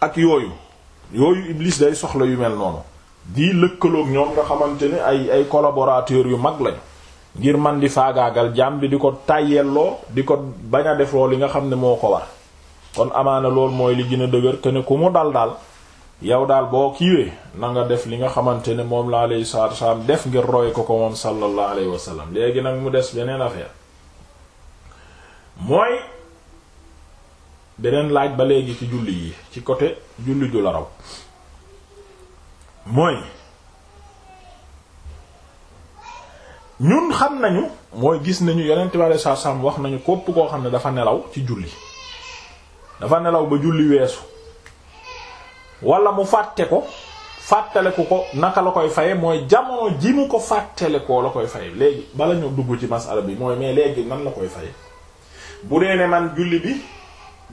ak yooyu yooyu Iblis day soxla yu mel noonu di lëkkaloog ñoom nga xamante ne ay ay collaborateurs yu mag lañu ngir man di faagaagal jaam bi di ko tàyyelloo di ko bañ a defloo li nga xam ne moo ko war kon amaana loolu mooy li gën a dëgër que ne ku mu dal daal yow daal boo kiiwee na nga def li nga xamante ne moom laa alayhi salaatu wasalaam def ngir roy ko ko moom sallallahu alayhi wasallam léegi nag mu des beneen affaire mooy beneen laaj ba léegi ci julli yi ci côté julli ju la raw mooy ñun xam nañu mooy gis nañu yeneen bi saa wax nañu kopp koo xam ne dafa nelaw ci julli dafa nelaw ba julli weesu wala mu fàtte ko fàttaleku ko naka la koy faye mooy jamono ji mu ko fàttalekoo la koy faye léegi bala ñu dugg ci masala bi mooy mais léegi nan la koy faye bu dee ne man julli bi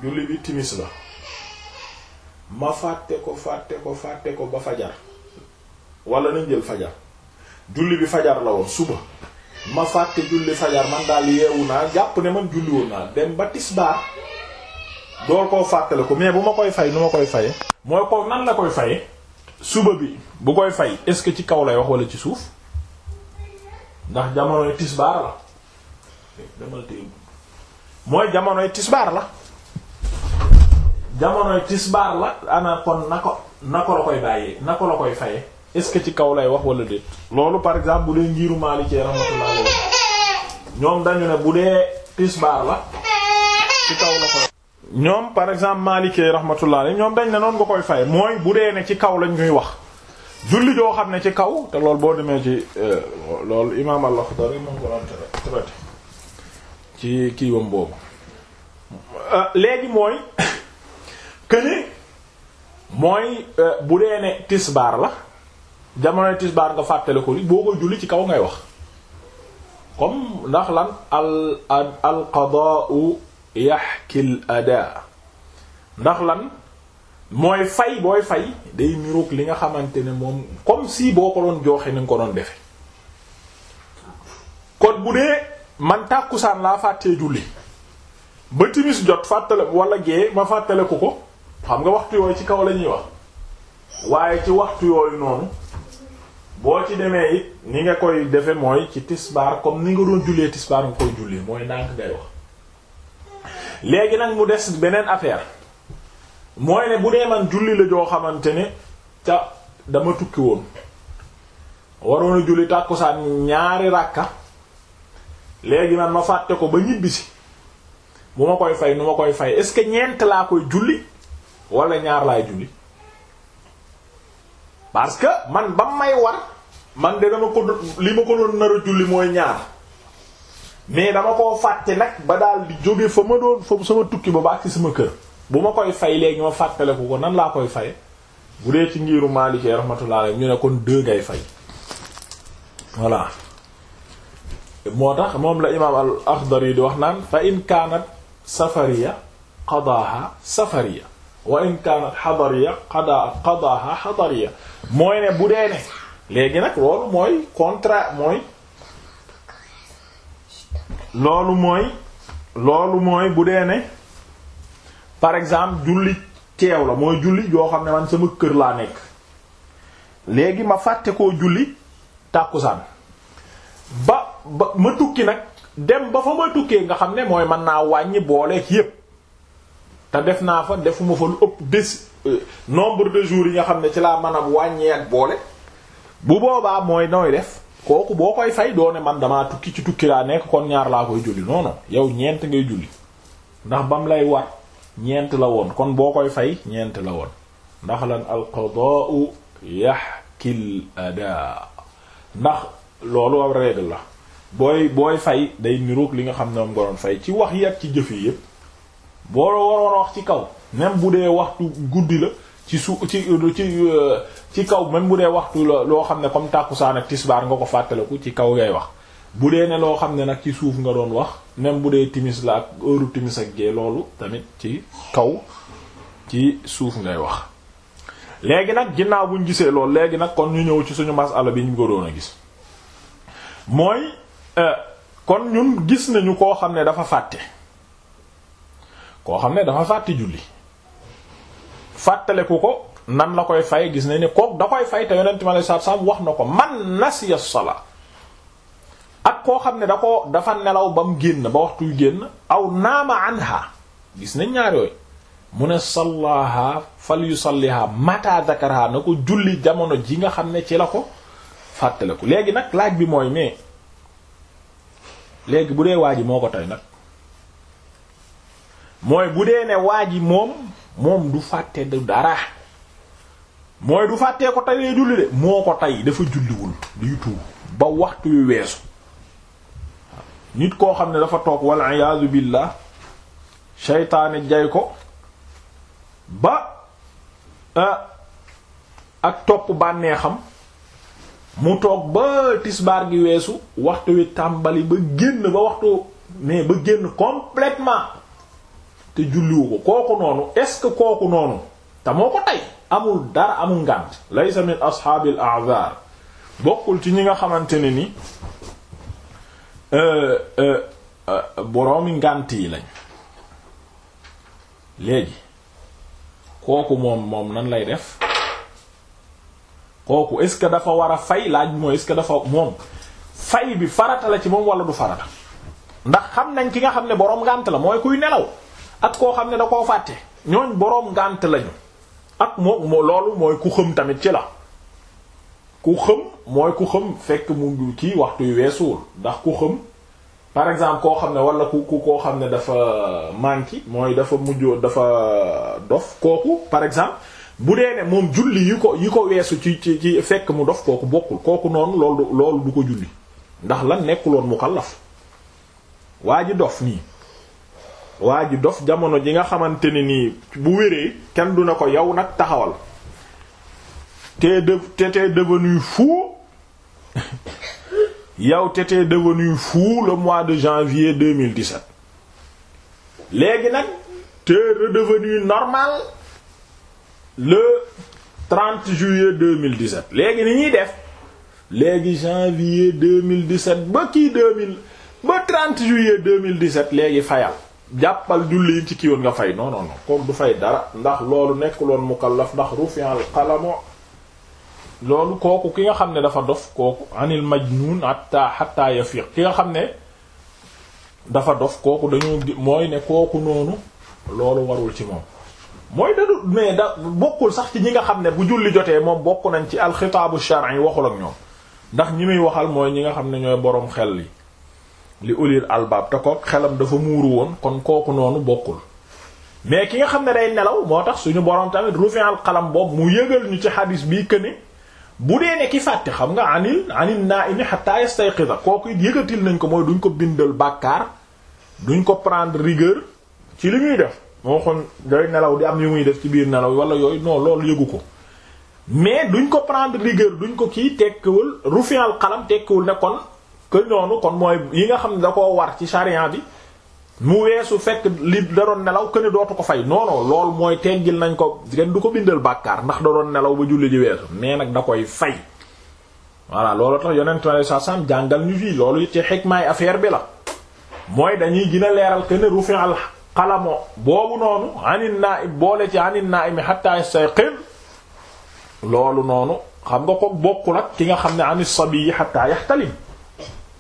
julli bi timis la ma fàtte ko fàtte ko fàtte ko ba fajar wala nañ jël fajar julli bi fajar la woon suba ma fàtte julli fajar man daal yeewu naa jàpp ne man julli woon naa dem ba tisbaar door koo fàttale ko mais bu ma koy fay nu ma koy faye moo ko nan la koy faye suba bi bu koy fay est-ce que ci kaw lay wax wala ci suuf ndax jamonoy tisbaar la demal téye mooy jamonoy la jamonoy tisbaar la ana kon na ko na la koy bàyyee na la koy faye est-ce que ci kaw lay wax wala déet loolu par exemple bu dee ngiru maalikee rahmatullah alayhi ñoom dañu ne bu dee tisbaar la ci kaw la ko ñoom par exemple maalikee rahmatullah alayhi ñoom dañ ne noon nga koy faye mooy bu dee ne ci kaw lañ ñuy wax jullit yoo xam ne ci kaw te loolu boo demee ci loolu imaam al-Akhdari moom ko doon traité ci kiiwam boobu léegi mooy këne mooy euh, bu dee ne tisbaar la jamonoy tisbaar nga fàttaliku li boo koy julli ci kaw ngay wax comme ndax lan al al qadaa'u yaxkil adaa ndax lan mooy fay booy fay day niroog li nga xamante ne moom comme si boo ko doon jooxe ni nga ko doon defe kon bu dee man tàkkusaan laa fàttee julli ba timis jot fàttale wala gee ma fàttale ko ko xam nga waxtu yooyu ci kaw lañuy ñuy wax waaye ci waxtu yooyu noonu boo ci demee it ni nga koy defe mooy ci tisbaar comme ni nga doon jullee tisbaar nga koy jullee mooy ndànk ngay wax léegi nag mu des beneen affaire mooy ne bu dee man julli la joo xamante ne ca dama tukki woon waroon a julli tàkkusaan ñaari ràkka léegi man ma fàtte ko ba ñibbisi bu ma koy fay nu ma koy fay est-ce que ñeent laa koy julli wala ñaar laay julli parce que man ba may war man de dama ko li ma ko doon nar a julli mooy ñaar mais dama koo fàtte nag ba daal di jóge fa ma doon fa sama tukki ba ba ak sama kër bu ma koy fay léegi ma fàttaleku ko nan laa koy fay bu dee ci ngiru Maalikee rahmatullah alayhi ñu ne kon deux fay voilà moo tax moom la imaam al Axdari di wax naan fa in kaanat safariya qadaaha safariya wa in kaanat xadariya qada qadaha xadariya mooy ne bu dee ne léegi nag loolu mooy contrat mooy loolu mooy loolu mooy bu dee ne par exemple julli teew la mooy julli yoo xam ne man sama kër laa nekk léegi ma fàtte koo julli tàkkusaan ba ba ma tukki nag dem ba fa ma tukkee nga xam ne mooy mën naa wàññi booleeg yépp te def naa fa defuma fa lu ëpp bés euh, nombre de jours yi nga xam ne ci laa man a wàññee ak boole bu boobaa mooy nooy def kooku boo koy fay doone man damaa tukki ci tukki laa nekk kon ñaar laa koy julli non yow ñeent ngay julli ndax bam lay war ñeent la woon kon boo koy fay ñeent la woon ndax lan al qadaa'u yahkil adaa ndax loolu war règle la booy booy fay day niroog li nga xam ne moom nga doon fay ci wax yi ak ci jëf yi yépp boo waroon wax ci kaw même bu dee waxtu guddi la ci su ci ci euh, ci kaw même bu dee waxtu la loo xam ne comme tàkkusaan ak tisbaar nga ko fàttaliku ci kaw ngay wax bu dee ne loo xam ne nag ci suuf nga doon wax même bu dee timis la ak heure timis ak gee loolu tamit ci kaw ci suuf ngay wax léegi nag ginnaaw buñ gisee lool léegi nag kon ñu ñëw ci suñu masala bi ñu ko doon a gis mooy euh, kon ñun gis nañu koo xam ne dafa fàtte koo xam ne dafa fàtte julli fàttaleku ko nan la koy fay gis ne ni kook da koy fay te yonent mi alayhi salaam wax na ko man nasiya salaa ak koo xam ne da dafa nelaw ba mu génn ba waxtuy génn aw naama anha gis nañ ñaar yooyu mu ne sallaha fal yusalliha mata zakaraha na ko julli jamono ji nga xam ne ci la ko fàttaleku léegi nag laaj bi mooy mais léegi bu dee waa ji moo ko tey nag mooy bu dee ne waa ji moom moom du fàtte du dara mooy du fàttee ko tey julli tey dafa julliwul du tuub ba waxtu yu weesu nit koo xam ne dafa toog wal iyaazu billah seytaane jay ko ba ak topp bànneexam mu toog ba tisbaar gi weesu waxtu wi tàmbali ba génn ba waxtu mais ba génn complètement te julliwu ko kooku noonu est-ce que kooku noonu te moo ko tey amul dara amul ngànt laysa min ashaabil a'zar bokkul ci ñi nga xamante ne ni euh, euh, euh, boroomi ngànt yi lañ léegi kooku moom moom nan lay def kooku est-ce que dafa war a fay laaj mooy est-ce dafa moom fay bi farata la ci moom wala du farata ndax xam nañ ki nga xam ne boroom ngànt la mooy kuy nelaw at koo xam ne da koo fàtte ñooñ boroom ngànt lañu ak moom moo loolu mooy ku xëm tamit ci la ku xëm mooy ku xëm fekk mu ngi kii waxtu yu ndax ku par exemple koo xam ne wala ku ku koo xam ne dafa manqué mooy dafa mujj dafa dof kooku par exemple bu dee moom julli ko yi ko weesu ci ci ci fekk mu dof kooku bokkul kooku noonu loolu loolu du ko julli ndax lan nekkuloon mukallaf waa ji dof nii waa ji dof jamono ji nga xamante ne nii bu wéree kenn du na ko yow nag taxawal te de te te devenu fou yow te te devenu fou le mois de janvier 2017 léegi nag te redevenu normal le 30 juillet 2017 léegi ni ñuy def léegi janvier 2017 ba kii 2000 ba trente juillet 2017 léegi fayal jàppal julli yi ci kii nga fay non non non kooku du fay dara ndax loolu nekkuloon mukallaf ndax rufi'al qalamu loolu kooku ki nga xam ne dafa dof kooku anil majnun hatta hatta yafiq ki nga xam ne dafa dof kooku dañoo mooy ne kooku noonu loolu warul ci moom mooy dadu mais da bokkul sax ci ñi nga xam ne bu julli jotee moom bokk nañ ci alxitaabu shar'i waxul ak ñoom ndax ñi muy waxal mooy ñi nga xam ne ñooy boroom xel yi li ulil albaab te ko xelam dafa muuru woon kon kooku noonu bokkul mais ki nga xam ne day nelaw moo tax suñu borom tamit rufi al qalam boobu mu yëgal ñu ci xadis bii que ne bu dee ne ki fàtte xam nga anil anil naa ini hatta yastayqiza kooku it yëgatil nañ ko mooy duñ ko bindal bàkkaar duñ ko prendre rigueur ci li muy def moo xon day nelaw di am yu muy def ci biir nelaw wala yooyu non loolu yëgu ko mais duñ ko prendre rigueur duñ ko kii tekkiwul rufi al qalam tekkiwul que noonu kon mooy yi nga xam ne da koo war ci charian bi mu weesu fekk li da doon nelaw que dootu ko fay non non mooy teggil nañ ko kenn du ko bindal bàkkaar ndax da nelaw ba julli di weesu mais nag da koy fay. voilà loolu sa jàngal ñu fii loolu ci xikmaay affaire bi la mooy dañuy gën leeral que ne rufi al xalamo boobu noonu anin naib boole ci anin naimi hatta yastayqin loolu noonu xam nga ko bokkul ak ki nga xam ne anis sabi hatta yahtalim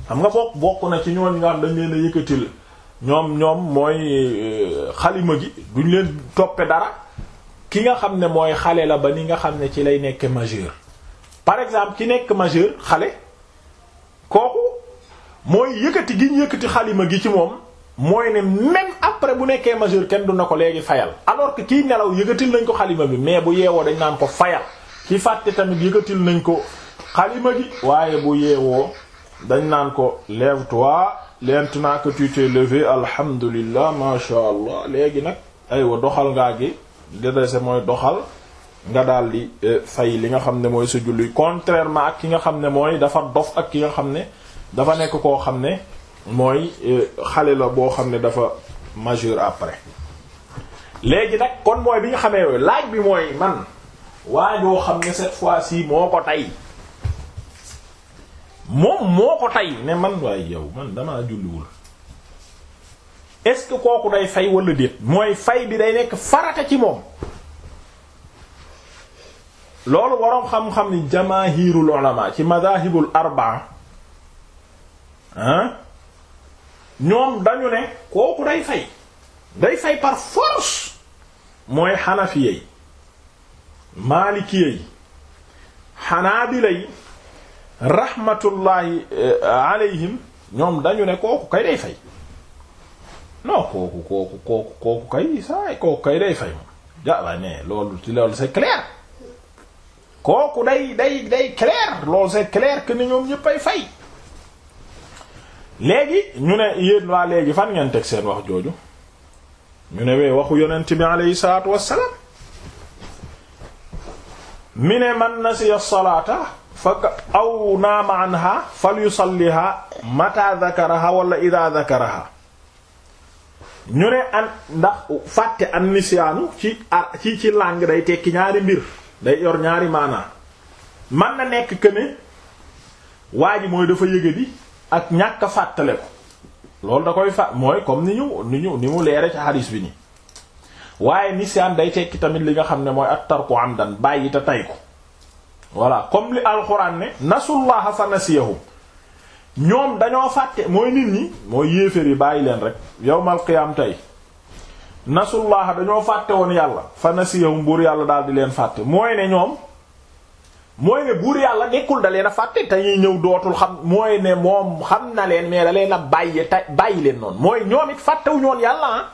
xam nga bokk bokk na ci ñooñ nga xam dañ leen a yëkkatil ñoom ñoom mooy euh, xalima gi duñ leen toppe dara ki nga xam ne mooy xale la ba ni nga xam ne ci lay nekke majeur par exemple ki nekk majeur xale kooku mooy yëkkati gi ñu yëkkati xalima gi ci moom mooy ne même après bu nekkee majeur kenn du na ko léegi fayal alors ki kiy nelaw yëkkatil nañ ko xalima bi mais bu yeewoo dañ naan ko fayal ki fàtte tamit yëkkatil nañ ko xalima gi waaye bu yeewoo dañ naan ko lève-toi maintenant que tu t'es levé alhamdulillah masha allah léegi nag aywa doxal ngaa gi gadese mooy doxal nga daal di eh, fay li nga xam ne mooy sa julli contrairement ak ki nga xam ne mooy dafa dof ak ki nga xam ne dafa nekk koo xam ne mooy eh, xale la boo xam ne dafa majeur après léegi nag kon mooy bi nga xamee yooyu laaj bi mooy man waa joo xam ne cette fois si moo ko tey moom moo ko tey ne man waaye yow man damaa julliwul est-ce que kooku day fay wala déet mooy fay bi day nekk farata ci moom loolu waroom xam-xam ni jamaahirul ulama ci madahibul arbaa ah ñoom dañu ne kooku day fay day fay par force mooy xanafiye yi maalikiyey xanaabila yi rahmatullahi eh, alayhim ñoom dañu ne kooku kay day fay non kooku kooku kooku kooku kay saay kooku kay day fay moom jàlla loolu ci loolu c'est clair kooku day day day loolu c'est clair que ni ñoom ñëpp ay fay léegi ñu ne yéen waa léegi fan ngeen seen wax jooju ñu ne wee waxu yonent bi aleyhi salaatu wassalaam mi ne man nasiya salaata fa aw naama anha fal yusalliha mata dhakaraha wala ida dhakaraha ñu ne an ndax fàtte an nisyaanu ci ar ci ci day tekki ñaari mbir day yor ñaari maanaa man na nekk que ne waa ji mooy dafa yëga di ak ñàkk a fàttale ko loolu da koy fà mooy comme ni ñu ni ñu ni mu leere ci hadis bi ni waaye nisyaan day tekki tamit li nga xam ne mooy at tarku amdan bàyyi te tay ko voilà comme li alxuraan ne nasullaha fa nasiyahum ñoom dañoo fàtte mooy nit ñi mooy yéeféer yi bàyyi leen rek yowmal qiyaam tey nasullaha dañoo fàtte woon yàlla fa nasiyahum buur yàlla daal di leen fàtte mooy ne ñoom mooy ne buur yàlla nekkul dalee leen a fàtte te ñëw dootul xam mooy ne moom xam na leen mais da leen bàyyi ta bàyyi leen noonu mooy ñoomit it fàttewuñoon yàlla ah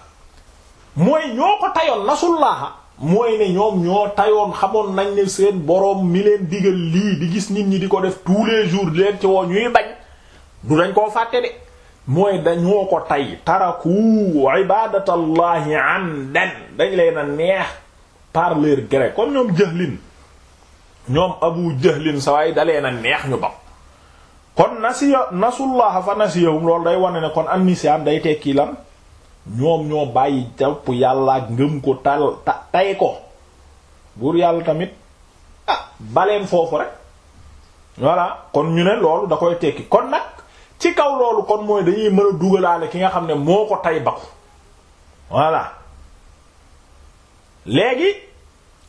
mooy ñoo ko tayoon nasullaha mooy ne ñoom ñoo tayoon xamoon nañ ne seen boroom mi leen digal lii di gis nit ñi di ko def tous les jours leen ci woo ñuy bañ du dañ koo fàtte de mooy dañoo ko tay taraku ibadatallahi amdan dañ leen a neex par leur gré comme ñoom jahlin ñoom abu jahlin sawaay da leen a neex ñu bam kon nasiya nasullaha fa nasiyahum loolu day wane ne kon an nisyan day tekki lan ñoom ñoo bàyyi jàpp yàlla ak ngëm ko tal ta tay ko buur yàlla tamit ah baleen foofu rek voilà kon ñu ne loolu da koy tekki kon nag ci kaw loolu kon mooy dañuy mën a dugalaale ki nga xam ne moo ko tay bakku voilà léegi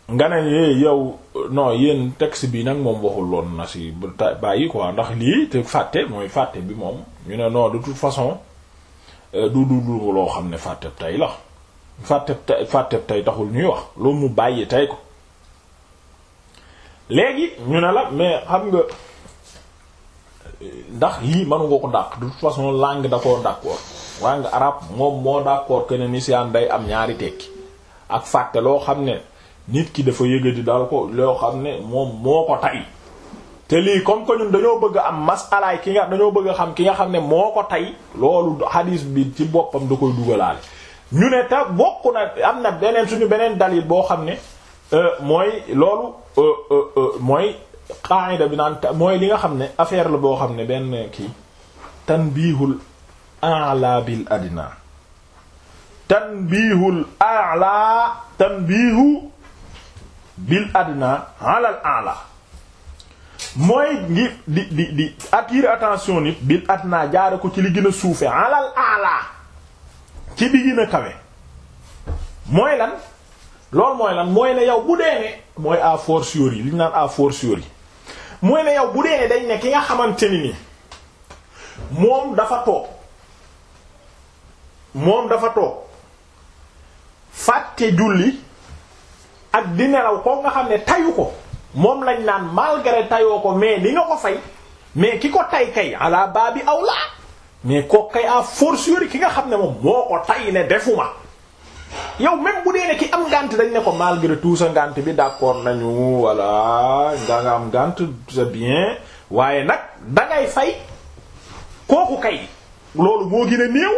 nga ne eh, yow non yéen texte bi nag moom waxul loon na si bàyyi quoi ndax lii te fàtte mooy fàtte bi moom ñu ne noo de toute façon Euh, du du du loo xam ne fàtte fàtteb tey la fàtteb tey fàtteb tey taxul ñuy wax loolu mu bàyyi tey ko léegi ñu ne la mais xam nga ndax yii mënu nga ko dàq de toute façon da koo d'accord langue arabe moom moo d'accord que ne nisyaan day am ñaari tekki ak fàtte loo xam ne nit ki dafa yëga di dal ko loo xam ne moom moo ko tay te lii comme que ñun dañoo bëgg a am masalaay ki nga dañoo bëgg a xam ki nga xam ne moo ko tey loolu hadis bi ci boppam da koy dugalaale ñu ne te bokk na am na beneen suñu beneen dalil boo xam ne euh, mooy loolu euh, euh, mooy qaida bi naan mooy li nga xam ne affaire la boo xam ne benn kii tanbihul a'la bil adna tanbihul a'la tanbihu bil adna ala al mooy ngi di di di attirer attention nit bil at naa jaare ko ci li gën a suufe alal ala ci bi gën a kawe mooy lan loolu mooy lan mooy ne yow bu dee ne mooy a fortiori li ñu naan a fortiori mooy ne yow bu dee ne dañ ne ki nga xamante ni nii moom dafa toog moom dafa toog fàtte julli ak di nelaw ko nga xam ne tayu ko moom lañ naan malgré tayoo ko mais li nga ko fay mais ki ko tay kay ala baa bi aw laa mais koo kay à fortiori ki nga xam ne moom moo ko tay ne defuma yow même bu dee ne ki am ngànt dañ ne ko malgré tout sa ngànt bi d'accord nañu voilà nga nga am ngànt c'est bien waaye nag dangay fay kooku kay loolu moo gën a néew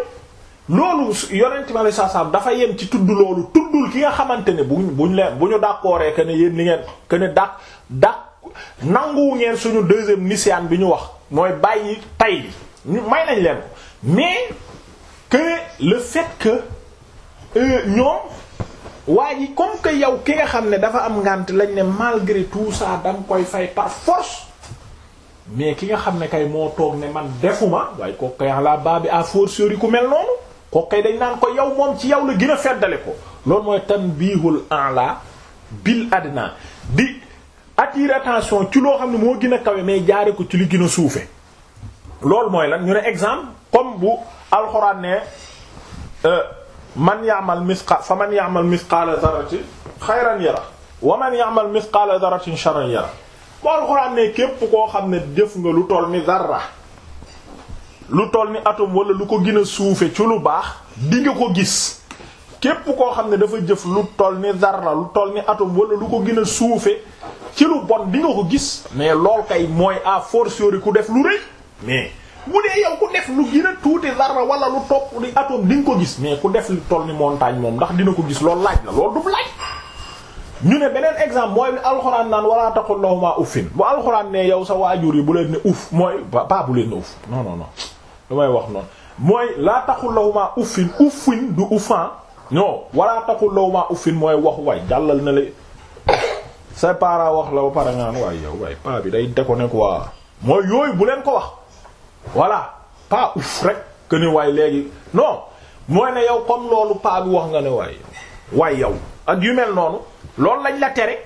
loolu yonent ma la saa saa dafa yem ci tudd loolu tuddul ki nga xamante ne buñ buñ leen bu ñu dàkkooree que ne yéen li ngeen que ne dàq dàq nanguwu ngeen suñu deuxième nisiyaan bi ñu wax mooy bàyyi tay bi may nañ leen ko mais que le fait que euh, ñoom waa ji comme que yow ki nga xam ne dafa am ngànt lañ ne malgré tout ça da koy fay par force mais ki nga xam ne kay moo toog ne man defuma waaye ko kay la baa bi à force yi ku mel noonu. kooku kay dañ naan ko yow moom ci yow la gën a feddale ko loolu mooy tanbihul a'la bil adna di attire attention ci loo xam ne moo gën a kawe mais jaare ko ci li gën a suufe loolu mooy lan ñu ne exemple comme bu alxuraan ne euh, man ya'mal misqa fa man ya'mal misqaala dharratin xayran yara wa man ya'mal misqaala dharratin sharran yara bu alxuraan ne képp koo xam ne def nga lu toll ni dara lu toll ni atom wala lu ko gën a suufe ci lu baax di nga ko gis képp koo xam ne dafa jëf lu toll ni zarra lu toll ni atom wala lu ko gën a suufe ci lu bon di nga ko gis mais lool kay mooy à fortiori ku def lu mais bu dee yow ku def lu gën wala lu topp di atom di ko gis mais ku def lu ni montagne moom ndax dina ko gis loolu laaj la loolu ñu ne beneen exemple mooy bi alxuraan naan wala taqul lahuma uffin bu alxuraan ne yow sa waajur yi bu leen ne uff mooy pas bu leen ne uff non non lu may wax noonu mooy laa taxul lawumaa uffin uffin du uffan non walaa taxul lawumaa uffin mooy wax waay jàllal na la sa para wax la ba pare nga naan waay yow waay pa bi day déconné waa mooy yooyu bu leen ko wax voilà pas uff rek que ni waay léegi non mooy ne yow comme loolu pa bi wax nga ne waay waay yow ak yu mel noonu loolu lañ la tere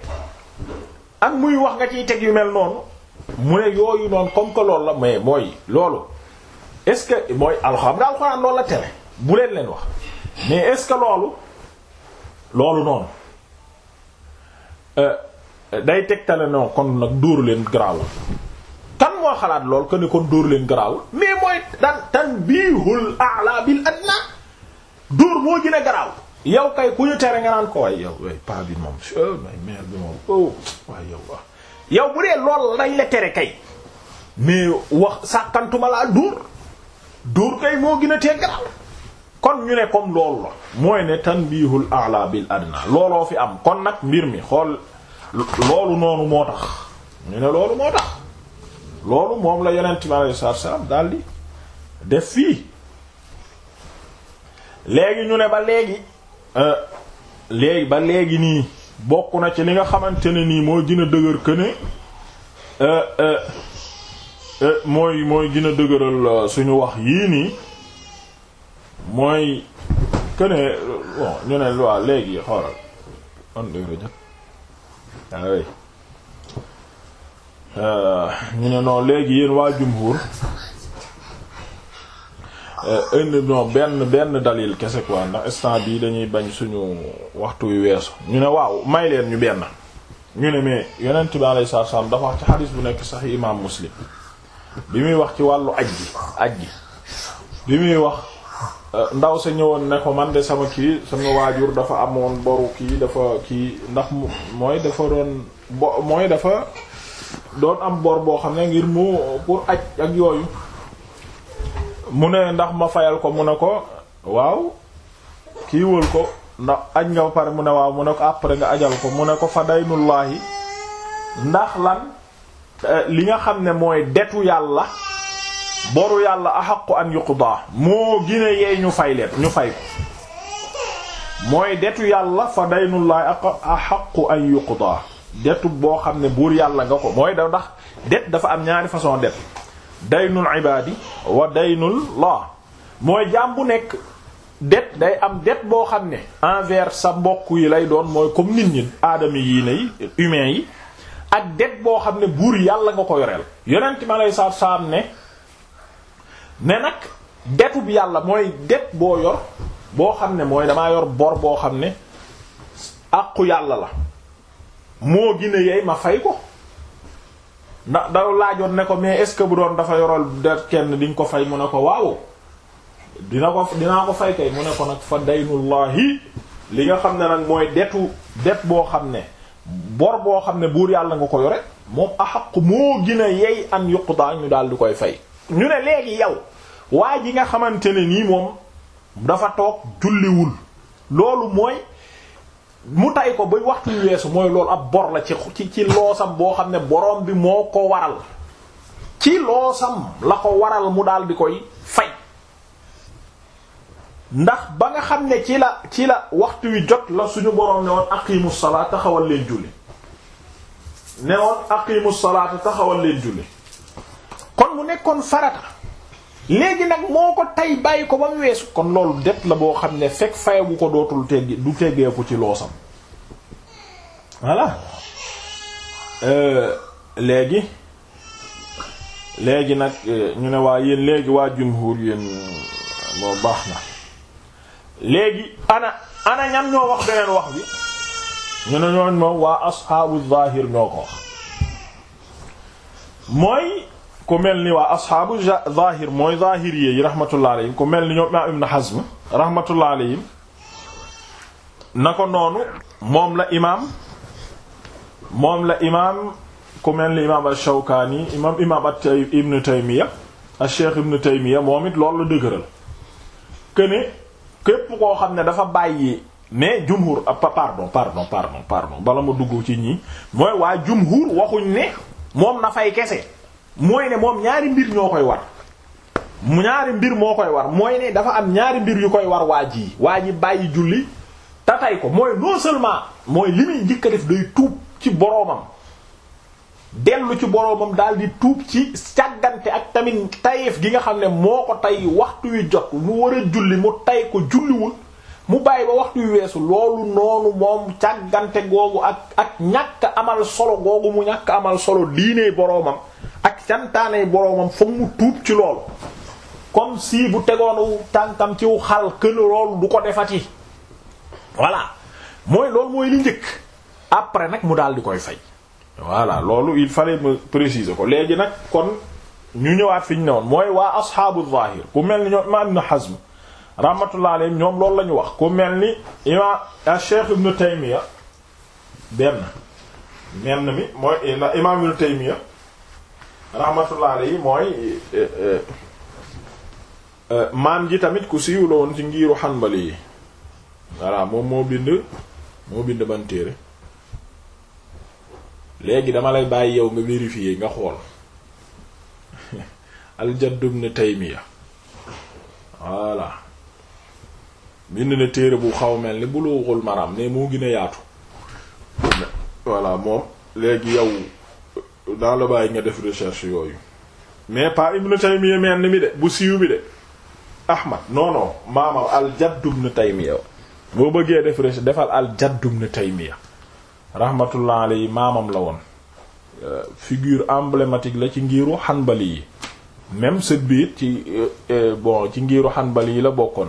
ak muy wax nga ciy teg yu mel noonu mu ne yooyu noonu comme que loolu la mais mooy loolu est-ce que mooy alxam nga alxuraan loolu la tere bu leen leen wax mais est-ce que loolu loolu noonu euh, day tegtale non kon nag dóoru leen garaawul kan moo xalaat lool que ne kon dóoru leen garaawul mais mooy dan tanbihul a'la bil adna dóor moo gën a garaaw yow kay ku ñu tere nga naan ko waaye yow way bi moom oh, may mère bi moom o oh, waaye yow yow bu dee lool dañ la tere kay mais wax sàkkantuma laa dóor dóor kay moo gën a tee kon ñu ne comme loolu la mooy ne tanbihul a'la bil adna looloo fi am kon nag mbir mi xool loolu noonu moo tax ñu ne loolu moo tax loolu moom la yonent bi alayhi salaatu salaam di def fii léegi ñu ne ba léegi euh, léegi ba léegi nii bokk na ci li nga xamante ne nii moo gën a dëgër que euh, euh, mooy mooy gën a dëgëral euh, suñu wax yii nii mooy que ne bon ñu ne waaw léegi xoolal an heure jot waawey ñu ne noonu léegi yéen waa jumhur euh, indi non benn benn dalil kese quoi ndax instant bii dañuy bañ suñu waxtu yu weesu ñu ne waaw may leen ñu benn ñu ne mais yonent bi alayhi salaam dafa wax ci xadis bu nekk sax imam muslim bi muy wax ci wàllu aj gi aj gi bi muy wax euh, ndaw sa ñëwoon ne ko man de sama kii sama waajur dafa amoon boru kii dafa kii ndax mooy dafa doon mooy dafa doon am bor boo xam ne ngir mu pour aj ak yooyu mu ne ndax ma fayal ko mu ne ko waaw kii wël ko ndax aj nga pare mu ne waaw mu ne ko après nga ajal ko mu ne ko fa daynullaahi ndax lan Euh, li nga xam ne mooy detu yàlla boru yàlla axaqu an yuqdaa moo gine yee ñu fay leen ñu fay ko mooy detu yàlla fa daynullahi axaqu an yuqdaa detu boo xam ne buur yàlla nga ko mooy da dax det dafa am ñaari façon det daynul ibaadi wa daynul la mooy jaam bu nekk det day am det boo xam ne envers sa mbokk yi lay doon mooy comme nit ñi aadami yii ne yi humains yi ak det boo xam ne buur yàlla nga ko yoreel yonent ma aleyi salaatu salaam ne ne nag detub yàlla mooy det boo yor boo xam ne mooy damaa yor boor boo xam ne àqu yàlla la moo gine yeey ma fay ko ndax daw laajoon ne ko mais est-ce que bu doon dafa yoral det kenn di nga ko fay mu ne ko waaw dina ko dinaa ko fay kay mu ne ko nag fa daynullahi li nga xam ne nag mooy detu det boo xam ne bor boo xam ne buur yàlla nga ko yore moom axaq moo gën a yey an yuqutaa ñu daal di koy fay ñu ne léegi yow waa ji nga xamante ne nii moom dafa toog julliwul loolu mooy mu tay ko ba waxtu yu mooy loolu ab bor la ci ci loosam boo xam ne boroom bi moo ko waral ci loosam la ko waral mu daal di koy fay ndax ba nga xam ne ci la ci la waxtu wi jot la suñu boroom ne woon aqimu salaata taxawal leen julli ne woon aqimu salaata taxawal leen julli kon mu nekkoon farata léegi nag moo ko tay bàyyi ko ba mu weesu kon loolu det la boo xam ne fekk fayagu ko dootul teggi du teggeeku ci loosam voilà euh, léegi léegi nag euh, ñu ne waa léegi waa jumhur yéen moo baax na léegi ana ana ñan ñoo wax beneen wax bi ñu ne ñooñ moom waa asxaabu ñoo ko mooy ku mel ni waa asxaabu zahir mooy zahiriyé yi rahmatullah alayhim mel ni ñoom imaam ibn na ko noonu moom la imaam moom la imaam ku mel ni imaam al-Shawkaani ibn Taymiya moom it loolu la dëgëral këne képp koo xam ne dafa bàyyi mais jumhur ah, pardon pardon pardon pardon bala ma duggu ci ñi mooy waa jumhur waxuñ ne moom na fay kese mooy ne moom ñaari mbir ñoo koy war ñaari mbir moo koy war mooy ne dafa am ñaari mbir yu koy war waa ji waa ji bàyyi julli tatay ko mooy non seulement mooy li muy njëkk a def day tuub ci boroomam dellu ci boroomam daal di tuub ci càggante ak tamit tayeef gi nga xam ne moo ko tay waxtu yu jot mu war a julli mu tay ko julliwul mu bàyyi ba waxtu yu weesu loolu noonu moom càggante googu ak ak ñàkk amal solo googu mu ñàkk amal solo diiney boroomam ak santaaney boroomam foog mu tuub ci loolu comme si bu tegoonu tànkam ciw xal kën loolu du ko defati voilà mooy loolu mooy li njëkk après nag mu daal di koy fay voilà loolu il fallait me préciser ko léegi nag kon ñu ñëwaat fi ñu woon mooy waa asxaabu zahir ku mel ni ñoom imaam Ibn Hazm rahmatullah alayhi ñoom loolu la ñu wax ku mel ni imaam ah, Cheikh Ibn Taymiya benn menn mooy eh, eh, eh, maam ji tamit ku siiw la woon ci ngiiru xanbali yi voilà moom moo bind moo bind ban léegi dama lay bàyyi yow nga vérifier nga xool al-Jadd ibn Taymiya voilà bind na téere bu xaw mel ni Bulughul Maram ne moo gën a yaatu voilà moom léegi yow daa la bàyyi nga def recherche yooyu mais pa Ibn Taymiya mel ni mi de bu siiw bi de Ahmad non maamam al-Jadd Taymiya boo bëggee def defal al-Jadd Taymiya rahmatullah yi maamam la woon euh, figure emblématique la ci ngiiru xanbali yi même sët bi it ci euh, euh, bon ci ngiiru xanbali yi la bokkoon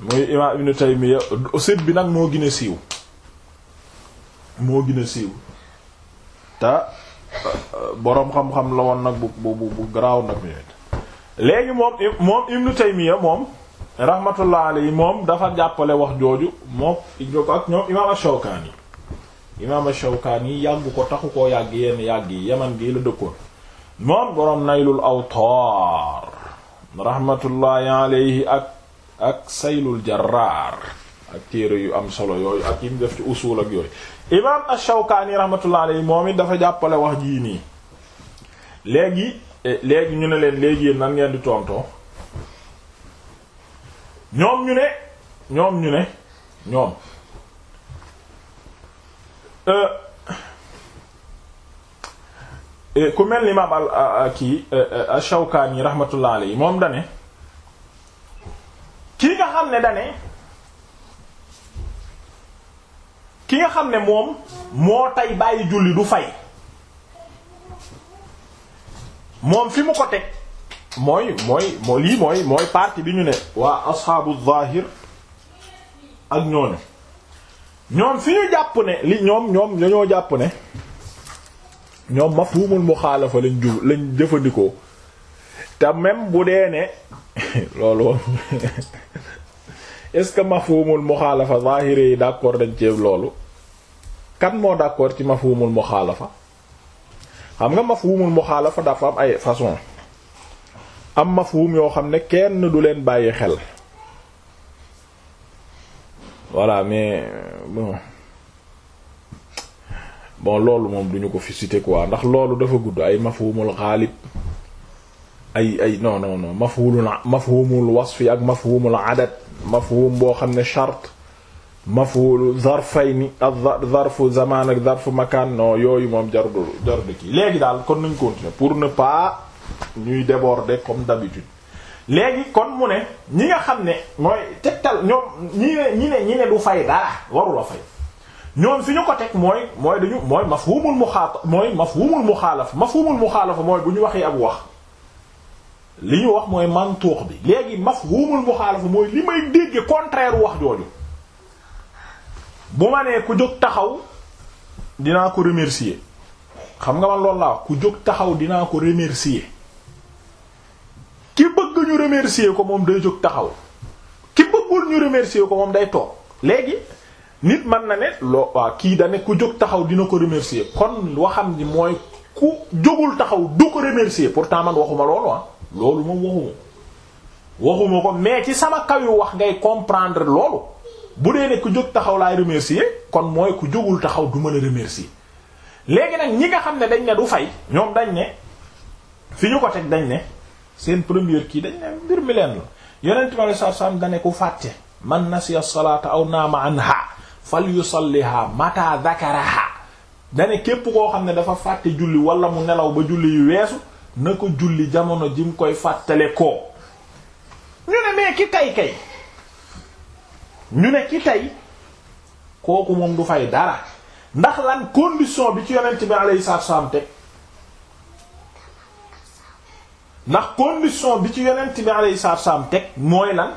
muy imam ibn Taymiya sët bi nag moo gën a siiw moo gën a siiw te boroom xam-xam la woon nag bu bu bu garaaw nag léegi moom moom ibn Taymiya moom rahmatullah alayhi moom dafa jàppale wax jooju moo ak ñoom imam imaam Shawkaani yàgg ko taxu koo yàgg yenn yàgg yi yaman gii la dëkkoon moom boroom naylul awtaar rahmatullahi alayhi ak ak saylul jarraar ak téere yu am solo yooyu ak mu def ci usul ak yooyu imaam Ash-Shawkaani rahmatullahi moom it dafa jàppale wax jii nii léegi eh, léegi ñu ne leen léegi yéen nan di tontoo ñoom ne ñoom ñu ne ñoom Euh, ku mel ni imaam al kii euh, euh, Shawkaani rahmatullah alayhi moom dane kii nga xam ne dane ki nga xam ne moom moo tay bàyyi julli du fay moom fi mu ko teg mooy mooy moo lii mooy mooy partie bi ñu ne waa asxaabu zaahir ak ñooñu ñoom fi ñu jàpp ne li ñoom ñoom dañoo jàpp ne ñoom mafhumul muxaalafa lañ jëfandikoo te même bu dee ne loolu est-ce que mafhumul muxaalafa zahiri yi d'accord dañ ci loolu kan moo d'accord ci mafhumul muxaalafa xam nga mafhumul muxaalafa dafa am ay façon am mafhum yoo xam ne kenn du leen bàyyi xel voilà mais bon loolu moom duñu ko fi ko quoi ndax loolu dafa gudd ay mafhumul xaalib ay ay non non non mafhumul mafhumul wasfi ak mafhumul adad mafhum boo xam ne charte mafhumul zarfayni ak zarfu zaman ak zarfu makan non yooyu moom jarul jarul kii léegi daal kon nañ continuer pour ne pas ñuy déborder comme d'habitude léegi kon mu ne ñi nga xam ne mooy tegtal ñoom ñi ne ñi ne ñi ne du fay dara waru fay ñoom fi ñu ko teg mooy mooy dañu mooy mafhumul muxaata mooy mafhumul muxaalafa mafhumul muxaalafa mooy bu ñu waxee ab wax li ñu wax mooy mantuux bi léegi mafhumul muxaalafa mooy li may dégg contraire wax jooju bu ma nee ku jóg taxaw dinaa ko remercier xam nga man loolu ku jóg taxaw dinaa ko remercier ki bëgg ñu remercier ko moom day jóg taxaw ki bëggul ñu remercier ko moom day toog léegi nit mën na ne loo kii da ne ku jóg taxaw dina ko remercier kon waxam ni mooy ku jógul taxaw du ko remercier pourtant man waxuma loolu ah loolu moom waxuma waxuma ko mais ci sama kaw yu wax ngay comprendre loolu bu dee ne ku jóg taxaw laay remercier kon mooy ku jógul taxaw du mën a remercier léegi nag ñi nga xam ne dañ ne du fay ñoom dañ ne fi ñu ko teg dañ ne. seen première kii dañ ne mbir mi leen la yonent bi alei satu salaam ku fàtte man na nasiya salaata aw naama anha fal yusalliha mata dhakaraha dane képp koo xam ne dafa fàtte julli wala mu nelaw ba julli yu weesu na ko julli jamono ji mu koy fàttale koo ñu ne mais ki tay kay ñu ne ki tay kooku moom du fay dara ndax lan condition bi ci yonent bi alayhi salaatu teg ndax condition bi ci yonent bi alayhi salaatu salaam teg mooy lan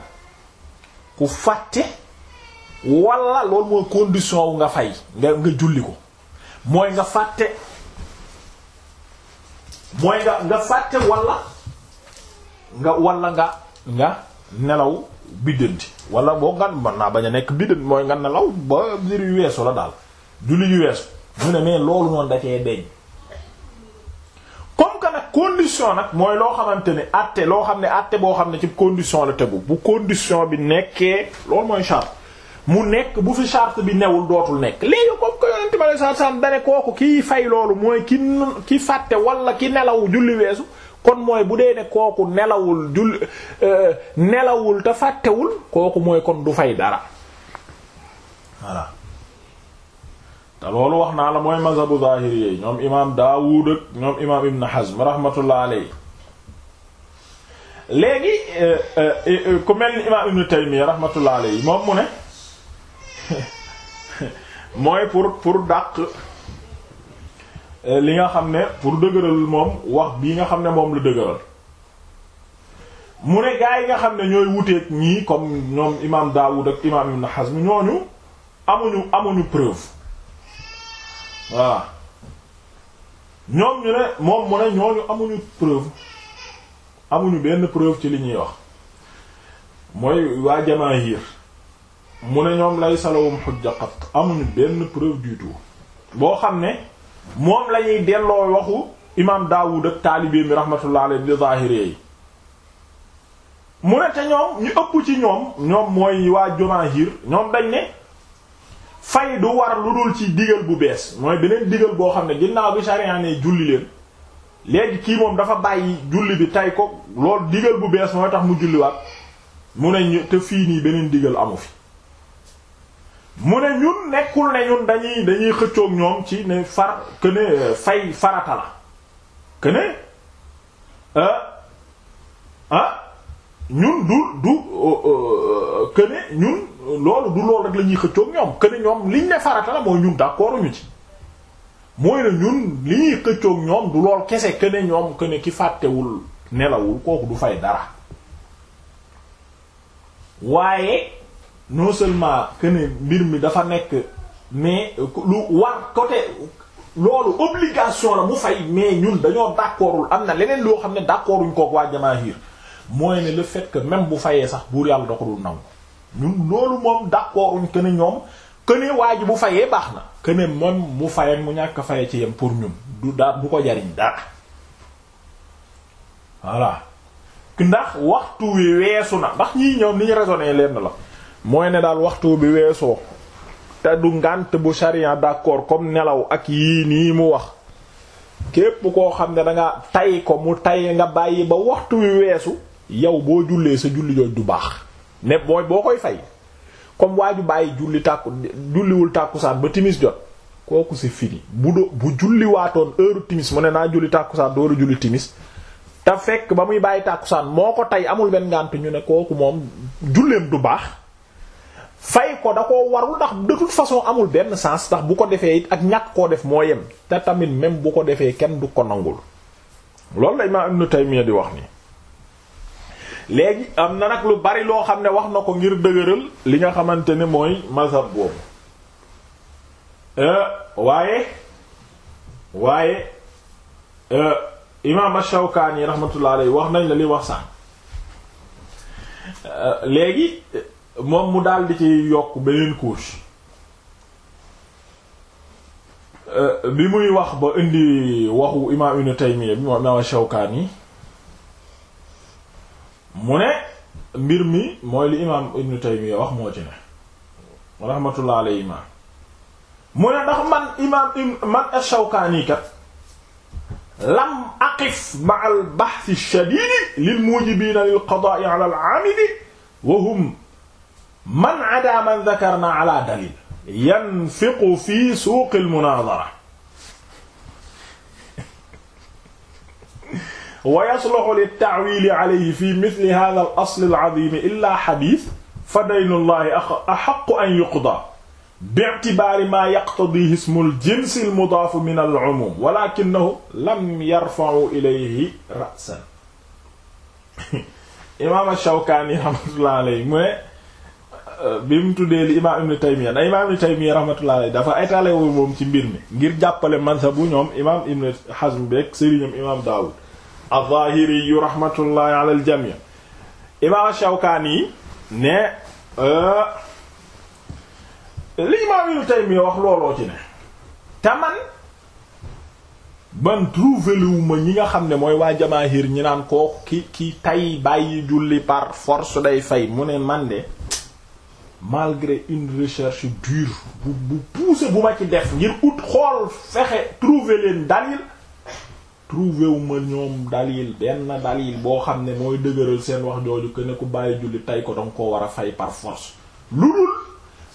ku fàtte wala loolu mooy condition wu nga fay nga julli ko mooy nga fàtte mooy nga nga fàtte wala nga wala nga nga nelaw biddanti wala boo ngan mën naa bañ a nekk biddanti mooy nga nelaw ba mbir yu weesu la daal julli yu weesu mu ne mais loolu noonu da cee deñ condition nag mooy loo xamante ne àtte loo xam ne àtte boo xam ne ci condition la tegu bu condition bi nekkee loolu mooy charte mu nekk bu fi charte bi newul dootul nekk léegi comme que yonente bi alei satu salaam dane kooku kii fay loolu mooy ki ki fàtte wala ki nelaw julli weesu kon mooy bu dee ne kooku nelawul julli euh, nelawul te fàttewul kooku mooy kon du fay dara voilà te loolu wax naa la mooy mazhabu zahiri yi ñoom imaam Daawud ak ñoom imaam Ibn Hazm rahmatullah léegi euh, euh, euh, ku mel ni imaam Ibn Taymiyya rahmatullah moom mu ne mooy pour pour dàq li nga xam ne pour dëgëral moom wax bii nga xam ne moom la dëgëral mu ne gaa yi nga xam ne ñooy wuteeg ñii comme ñoom imaam Daawud ak imaam Ibn Hazm ñooñu amuñu amuñu preuve. waaw ñoom ñu ne moom mu ne ñooñu amuñu preuve amuñu benn preuve ci li ñuy wax mooy waa jamaahir mu ne ñoom lay salawum xujja qat amuñu benn preuve du boo xam ne moom la ñuy delloo loxu imaam Daawud ak taalibe mi rahmatullah alayhi di zahiré yi mu ne te ñoom ñu ëpp ci ñoom ñoom mooy waa jamaahir ñoom dañ ne fay du war lu dul ci digal bu bees mooy beneen digal boo xam ne ginnaaw bi sharia ne julli leen léegi kii moom dafa bàyyi julli bi tay ko loolu digal bu bees mooy tax mu julliwaat mu ne fii nii beneen digal amu fi mu ne ñun nekkul ne ñun dañuy dañuy xëccoog ñoom ci ne far que euh, fay farata la que ne euh, ah, ñun du du euh, que ñun loolu du loolu rek la ñuy xëccoog ñoom que ñoom liñ ne farata la mooy ñun d'accord ñu ci mooy ne ñun li ñuy xëccoog ñoom du lool kese que ñoom que ki fàttewul nelawul kooku du fay dara waaye non seulement que mbir mi dafa nekk mais lu war côté loolu obligation la mu fay mais ñun dañoo d'accordul am na leneen loo xam ne d'accorduñ kook waa jamaahir mooy ne le fait que même bu fayee sax buur yàlla da ko dul nangu loolu moom d'accorduñ que ne ñoom que ne bu fayee baax na que ne moom mu fayee mu ñàkk a fayee ci yem pour ñun du daa du ko jariñ dara voilà ndax waxtu wi weesu na ndax ñii ñoom ni ñu raisonné leen la mooy ne daal waxtu bi weesoo te du ngànt bu sharia d'accord comme nelaw ak yii nii mu wax képp koo xam ne danga tay ko mu tay nga bàyyi ba waxtu wi weesu yow boo jullee sa julli jooj du baax ne mooy boo koy fay comme waa ju bàyyi julli tàkku julliwul tàkkusaan ba timis jot kooku c'est fini bu do bu julliwaatoon heure timis mu ne naa julli tàkkusaan dooru julli timis te fekk ba muy bàyyi tàkkusaan moo ko tey amul benn ngànt ñu ne kooku moom julleem du baax fay ko da koo warul ndax de toute façon amul benn sens ndax bu ko defee it ak ñàkk koo def moo yem te tamit même bu ko defee kenn du ko nangul loolu la imaam Ibnu Taymiyya di wax nii léegi am na nag lu bari loo xam ne wax na ko ngir dëgëral li nga xamante ne mooy mazhab boobu euh, waaye waaye euh, imaam Ash-Shawkaani rahmatullahi wax nañ la li wax sax euh, léegi moom mu daal ci yokk beneen couche bi muy wax ba indi waxu imaam Ibn Taymiyya bi moom imaam Ash-Shawkaani mu ne mbir mi mooy li imaam ibnu Taymiyya wax moo ci ne rahmatullah alayhima mu ne ndax man imaam man ash-Shawkaani kat lam aqif ma'a al-bahth ash-shadiid lil muujibiina lil qadaa'i 'ala al-'aamidi wa hum man 'adaa man dhakarnaa 'alaa daliil yanfiqu fii suuq al-munaadhara wa yasluhu li ta'wili alayhi fi mithli hadha al asl al azim illa hadith fa daynullahi ahaqqu an yuqda bi'tibari ma yaqtadihi ismu al jins al mudaf min al umum walakinahu lam yarfa'u ilayhi ra'san imaam ash-Shawkaani rahmatullahi alayhi mu ne euh, bi mu tuddee li imaam Ibn Taymiyya na imaam Ibn Taymiyya rahmatullahi alayhi dafa étalé wu moom ci mbir mi ngir jàppale mansa bu ñoom imaam Ibn Hazm beek sëriñam imaam Daawud az-Zahiri yu rahmatullahi ala al-jami imaam Shawkaani ne euh, li imaam Ibn Taymiyya wax looloo ci ne te man ban trouvé ñi nga xam ne mooy waa jamaahir ñi naan koo ki ki tay bàyyi julli par force day fay mu ne man de malgré une recherche dure bu bu poussée bu ma ci def ngir ut xool fexe trouver dalil trouvé wu ma ñoom dalil benn dalil boo xam ne mooy dëgëral seen wax jooju que ne ku bàyyi julli tay ko danga koo war a fay par force lu dul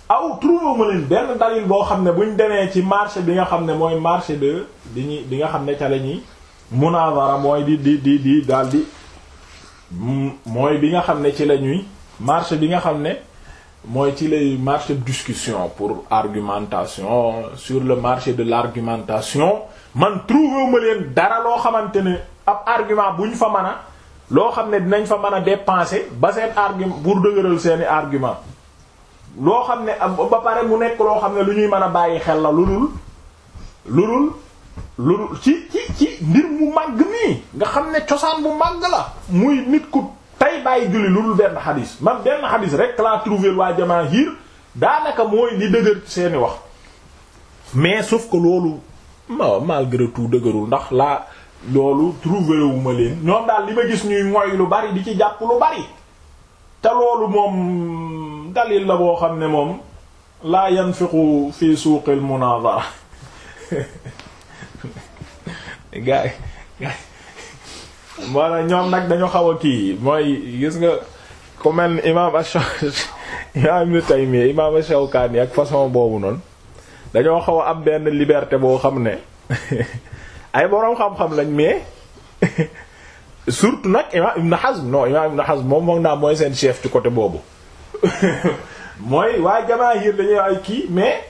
aw trouvé wu ma benn dalil boo xam ne buñ demee ci marché bi nga xam ne mooy marché de diñu di nga xam ne ca la ñuy munazara mooy di di di di daal di mm, mooy bi nga xam ne ci la ñuy marché bi nga xam ne mooy ci lay marché de discussion pour argumentation sur le marché de l'argumentation man trouvé ma leen dara loo xamante ne ab argument bu ñu fa mën a loo xam ne dinañ fa mën a dépenser ba seen argument pour dëgëral seeni argument loo xam ne ba pare mu nekk loo xam ne lu ñuy mën a bàyyi xel la lu dul lu dul lu dul ci ci ci mbir mu màgg nii nga xam ne cosaan bu màgg la muy nit ku may benn xadis man benn xadis rek laa trouver waa jamaahir daanaka mooy di dëgër seeni wax mais suuf ko loolu ma malgré tout dëgërul ndax laa loolu trouver wu ma leen ñoom daal li ma gis ñuy moy lu bari di ci jàpp lu bari te loolu moom dalil la boo xam ne moom laa yanfiqu fi suuqil munazara gaay gaay mooy ñoom nag dañu xaw a kii mooy gis nga ku mel ni imaam imaam Ibn Taymiyya imaam ak façon boobu noonu dañoo xaw a am benn liberté boo xam ne ay boroom xam-xam lañ mais surtout nag imaam na Hazm non imaam Ibn Hazm moom moom naa mooy seen chef ci côté boobu mooy waa jamaahir dañuy ay kii mais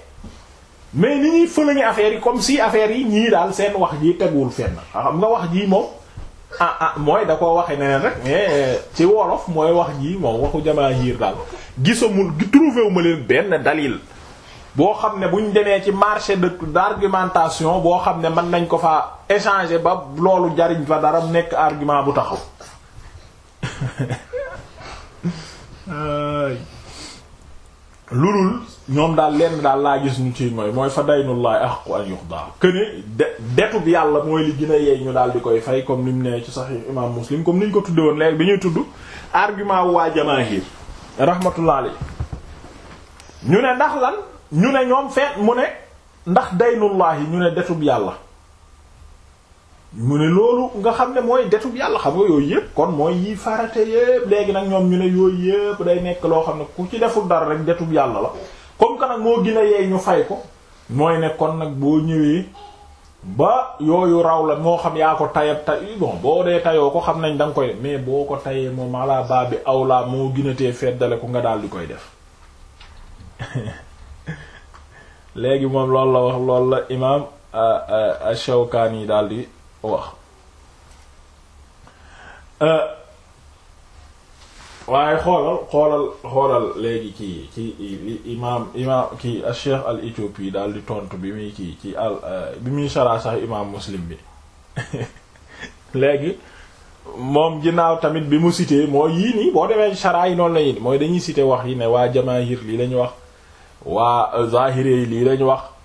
mais ni ñuy fëlañu affaire yi comme si affaire yi ñii daal seen wax ji teguwul fenn xam nga wax ji moom. ah ah mooy da koo waxee neneen rek mais ci wolof mooy wax ji moom waxu jamaahir daal gisamul gi ma leen benn dalil boo xam ne buñ demee ci marché de d'argumentation boo xam ne mën nañ ko fa échanger ba loolu jariñ fa dara nekk argument bu taxaw lulul ñoom daal lenn daal laa gis ñu ci mooy mooy fa daynullahi ahqu an yuqda këne de detub yàlla mooy li gën yee ñu daal di koy fay comme ni ne ci sahih imam muslim comme ni ñu ko tudde woon léegi bi ñuy tudd argument waa jamaahir rahmatullah alayhi ñu ne ndax lan ñu ne ñoom feet mu ne ndax daynullahi ñu ne detub yàlla mu ne loolu nga xam ne mooy detub yàlla xam nga yooyu yëpp kon mooy yii farate yëpp léegi nag ñoom ñu ne yooyu yëpp day nekk loo xam ne ku ci deful dara rek detub yàlla la comme que nag moo gën a ñu fay ko mooy ne kon nag boo ñëwee ba yooyu raw la moo xam yaa ko tayab tay bon boo dee tayoo ko xam nañ da nga koy mais boo ko tayee moom ala baa bi awlaa moo gënatee feddale ko nga daal di koy def léegi moom loolu la wax loolu la imaam Shawkaani daal di wax euh, waaye xoolal xoolal xoolal léegi kii ci imaam imaam kii al cheikh al éthiopie daal di tontu bi muy kii ci al euh, bi muy saraa sax imaam muslim bi léegi moom ginnaaw tamit bi mu cité mooy yii nii boo demee saraa yi noonu lañuy mooy dañuy site wax yi ne waa jamaahir lii lañu wax waa zahiri yi lii lañu wax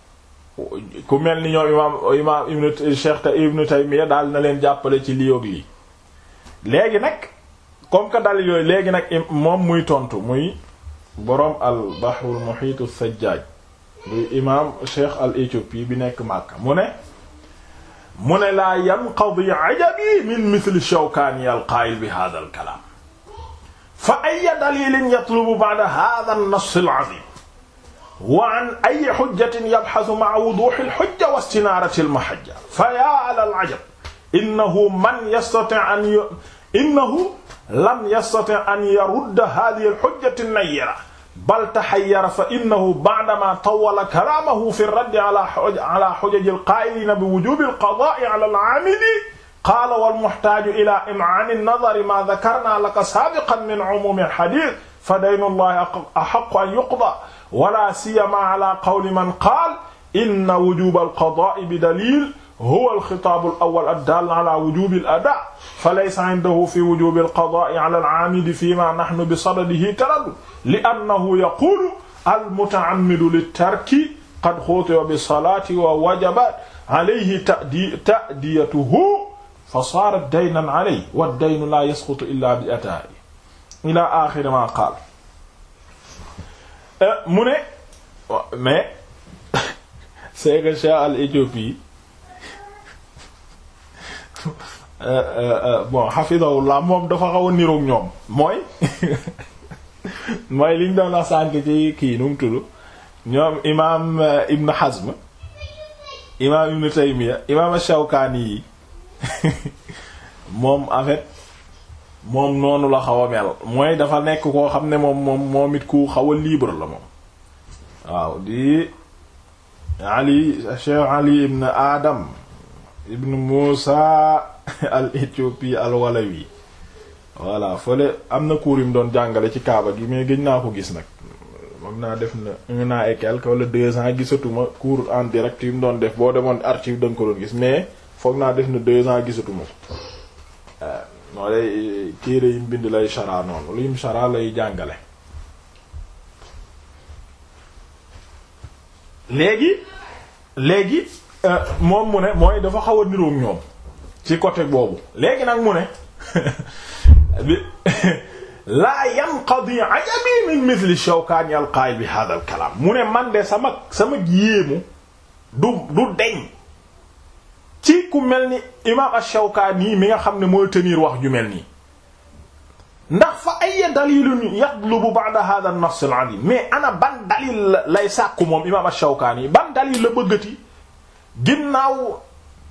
ku mel ni ñoom imaam imaam ibn Cheikh ibn Taymiyya daal na leen jàppale ci lii ak lii léegi nag comme que dal yooyu léegi nag moom muy tontu muy boroom al bahrul muhitu sajjaaj muy imaam Cheikh al éthiopie bi nekk Makka mu ne mu ne laa yanqadi ajabi min mithli Shawkani al qaa'il bi hadha al kalam fa ay dalilin yatlubu ba'da hadha an-nass al 'azim wa an ayi xujjatin yabxasu maa wuduxi alxujja wa stinaarati almahajja fa yaa ala alajab innahu man yastati an innahu lam yastati an yarudda hadihi alxujjati nayira bal taxayyara fa innahu ba'dama tawwala kalaamahu fi raddi ala ala xujaji alqaa'iliina bi wujuubi alqadaa'i ala al'aamili qaala wal muhtaaju ilaa im'aani an-nazari maa dakarnaa laka saabiqan min umuumi alxadiis fa daynu llaahi axaqqu an yuqdaa wala siyama ala qawli man qaal inna wujuba alqadaa'i bi dalil huwa alxitaabu alawal addaal ala wujubi al ada fa laysa indahu fi wujubi alqadaa'i ala alaamidi fi ma nahnu bi sadadihi taraddud li annahu yaquulu almutaammidu littarki qad xutiya bi salaati wa wajaba alayhi tadi tadiyatuhu fa saara daynan alayhi wa daynu laa yasqutu illa bi adaa ila axiri ma qaal Euh, mu ne mais c'est que Cheikh al Éthiopie euh, euh, bon hafizahullah moom dafa xaw a niroog ñoom mooy mooy liñ doon la sànk ci kii nu mu ñoom imaam Ibn Hazm imaam Ibn Taymiyya imaam Shawkaani yi moom en moom noonu la xaw a mel mooy dafa nekk koo xam ne moom moom moom it ku xaw a libre la moom waaw di ali cheikh ali ibn adam ibn Musa al éthiopie al walawi voilà fële am na cours yu mu doon jàngale ci kaaba gi mais gëj naa ko gis nag moom naa def na un naa et quelque wala deux gisatuma cour en direct yu mu doon def boo demoon archive da nga ko doon gis mais foog naa def na deux ans gisatuma ko euh, mooy lay eh, téere yim bind lay shara noonu lay jàngale léegi léegi eh, moom mu ne mooy dafa xaw a niroog ñoom ci côté boobu léegi nag mu ne laa yanqadi ajabi min mithli Shawkani al qaa'il bi hadha al mu ne man de sama sama yéemu du du deñ ci ku mel ni imaam ash-Shawkaani mi nga xam ne mooy tenir wax ju mel nii ndax fa ay dalilun yatlubu ba'da hadha an-nass al-'adim mais ana ban dalil lay sàkku moom imaam ash-Shawkaani ban dalil la bëggati ginnaaw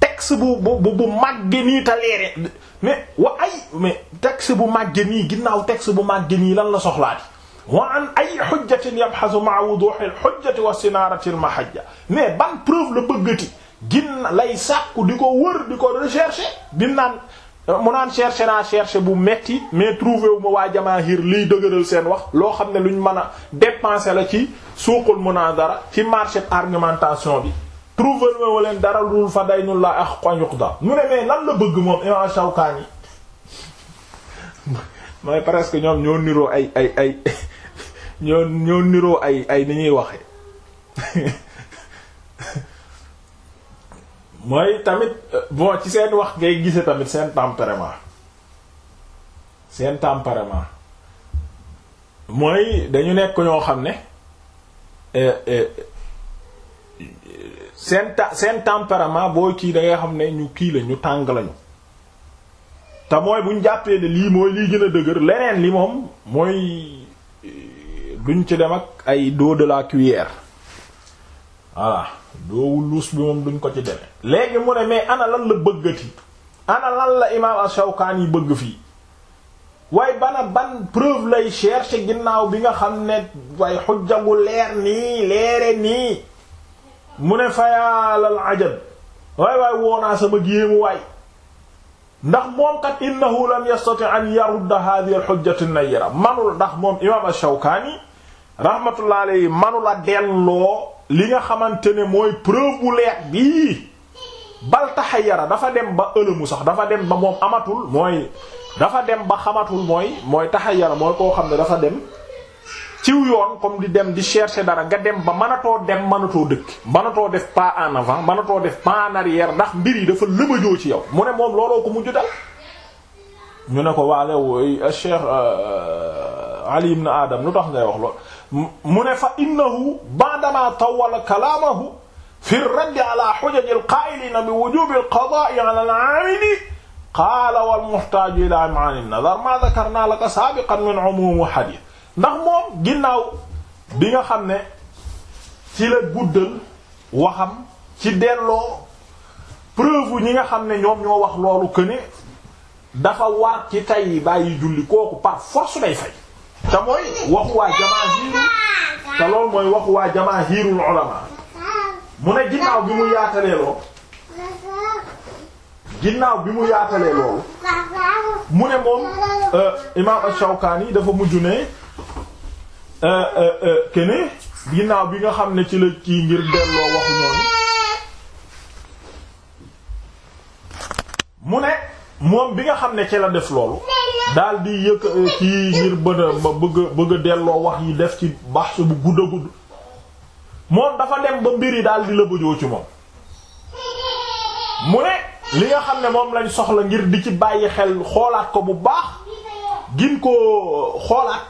texte bu bu bu màgge nii te leere mais wa ay mais texte bu màgge nii ginnaaw texte bu màgge nii lan la soxlaati wa an ay hujjatin yabhasu ma'a wuduhi al-hujjati wa sinarati al-mahajja mais ban preuve la bëggati gin lay sàkku di ko wër di ko rechercher bim naan mu naan chercher naa chercher bu metti mais trouver wu ma waa jamaahir liy dëgëral seen wax loo xam ne lu ñu mën a dépenser la ci suuqul munadara ci marché argumentation bi trouver wu ma leen dara lu fa day ñu la ak xoñuq da mu ne mais lan la bëgg moom imam Shawkani mooy presque ñoom ñoo niroo ay ay ay ñoo ñoo niroo ay ay ni ñuy waxe mooy tamit bon ci seen wax ngay gise tamit seen tempérament seen tempérament mooy dañu nekk ñoo xam ne eh, eh, seen ta seen tempérament boo kii da ngay xam ne ñu kii la ñu tàng lañu te mooy buñ jàppee ne lii mooy lii gën a dëgër leneen li moom mooy eh, duñ ci dem ak ay dos de la cuillère voilà doowu luus bi moom duñ ko ci deme léegi mu ne mais ana lan la bëggati ana lan la imaam Ash-Shawkaani bëgg fii waaye bana ban preuve lay chercher ginnaaw bi nga xam ne waaye xujja gu leer nii leere nii mu ne fayaalal ajab waay waay woonaa sama géemu waay ndax moom kat innahu lam yastati an yarudda hadhihi al-hujjatu an-nayyira manul ndax moom imaam Ash-Shawkaani rahmatullah alayhi manula delloo li nga xamante ne mooy preuve bu leer bii bal taxayara dafa dem ba ëlëmu sax dafa dem ba moom amatul mooy dafa dem ba xamatul mooy mooy taxayara mooy koo xam ne dafa dem ciw yoon comme di dem di chercher dara nga dem ba mënatoo dem mënatoo dëkk mënatoo def pas en avant mënatoo def pas en arrière ndax mbir yi dafa lëbëjoo ci yow mu ne moom looloo ko mu dal ñu ne ko waale wooy Cheikh euh, Ali ibn Adam lu tax ngay wax mu ne fa innahu ba'dama tawwala kalaamahu fi raddi ala hujaj al-qaa'ilina bi wujubi al-qadaa'i ala al-'aamili qaala wal-muhtaaju ilaa ma'aani an-nadar maa dhakarnaa laka saabiqan min 'umuumi hadiis ndax moom ginnaaw bi nga xam ne ci la guddal waxam ci delloo preuve ñi nga xam ne ñoom ñoo wax loolu que ne dafa war ci tay bàyyi julli kooku par force day fay. te mooy waxu waa jamaahiru te loolu mooy waxu waa jamaahirul ulama mu ne ginnaaw bi mu yaatalee lool ginnaaw bi mu yaatalee loolu mu ne moom euh, imaam ash-Shawkaani dafa mujj ne kene euh, euh, ginnaaw bi nga xam ne ci la kii ngir delloo waxu noonu mu ne moom bi nga xam ne ci la def loolu daal di yëkk euh, kii ngir bën a bëgg bëgg a delloo wax yi def ci baax bu gudd a gudd moom dafa dem ba mbir yi daal di la bëjoo ci moom mu ne li nga xam ne moom lañ soxla ngir di ci bàyyi xel xoolaat ko bu baax gin koo euh, xoolaat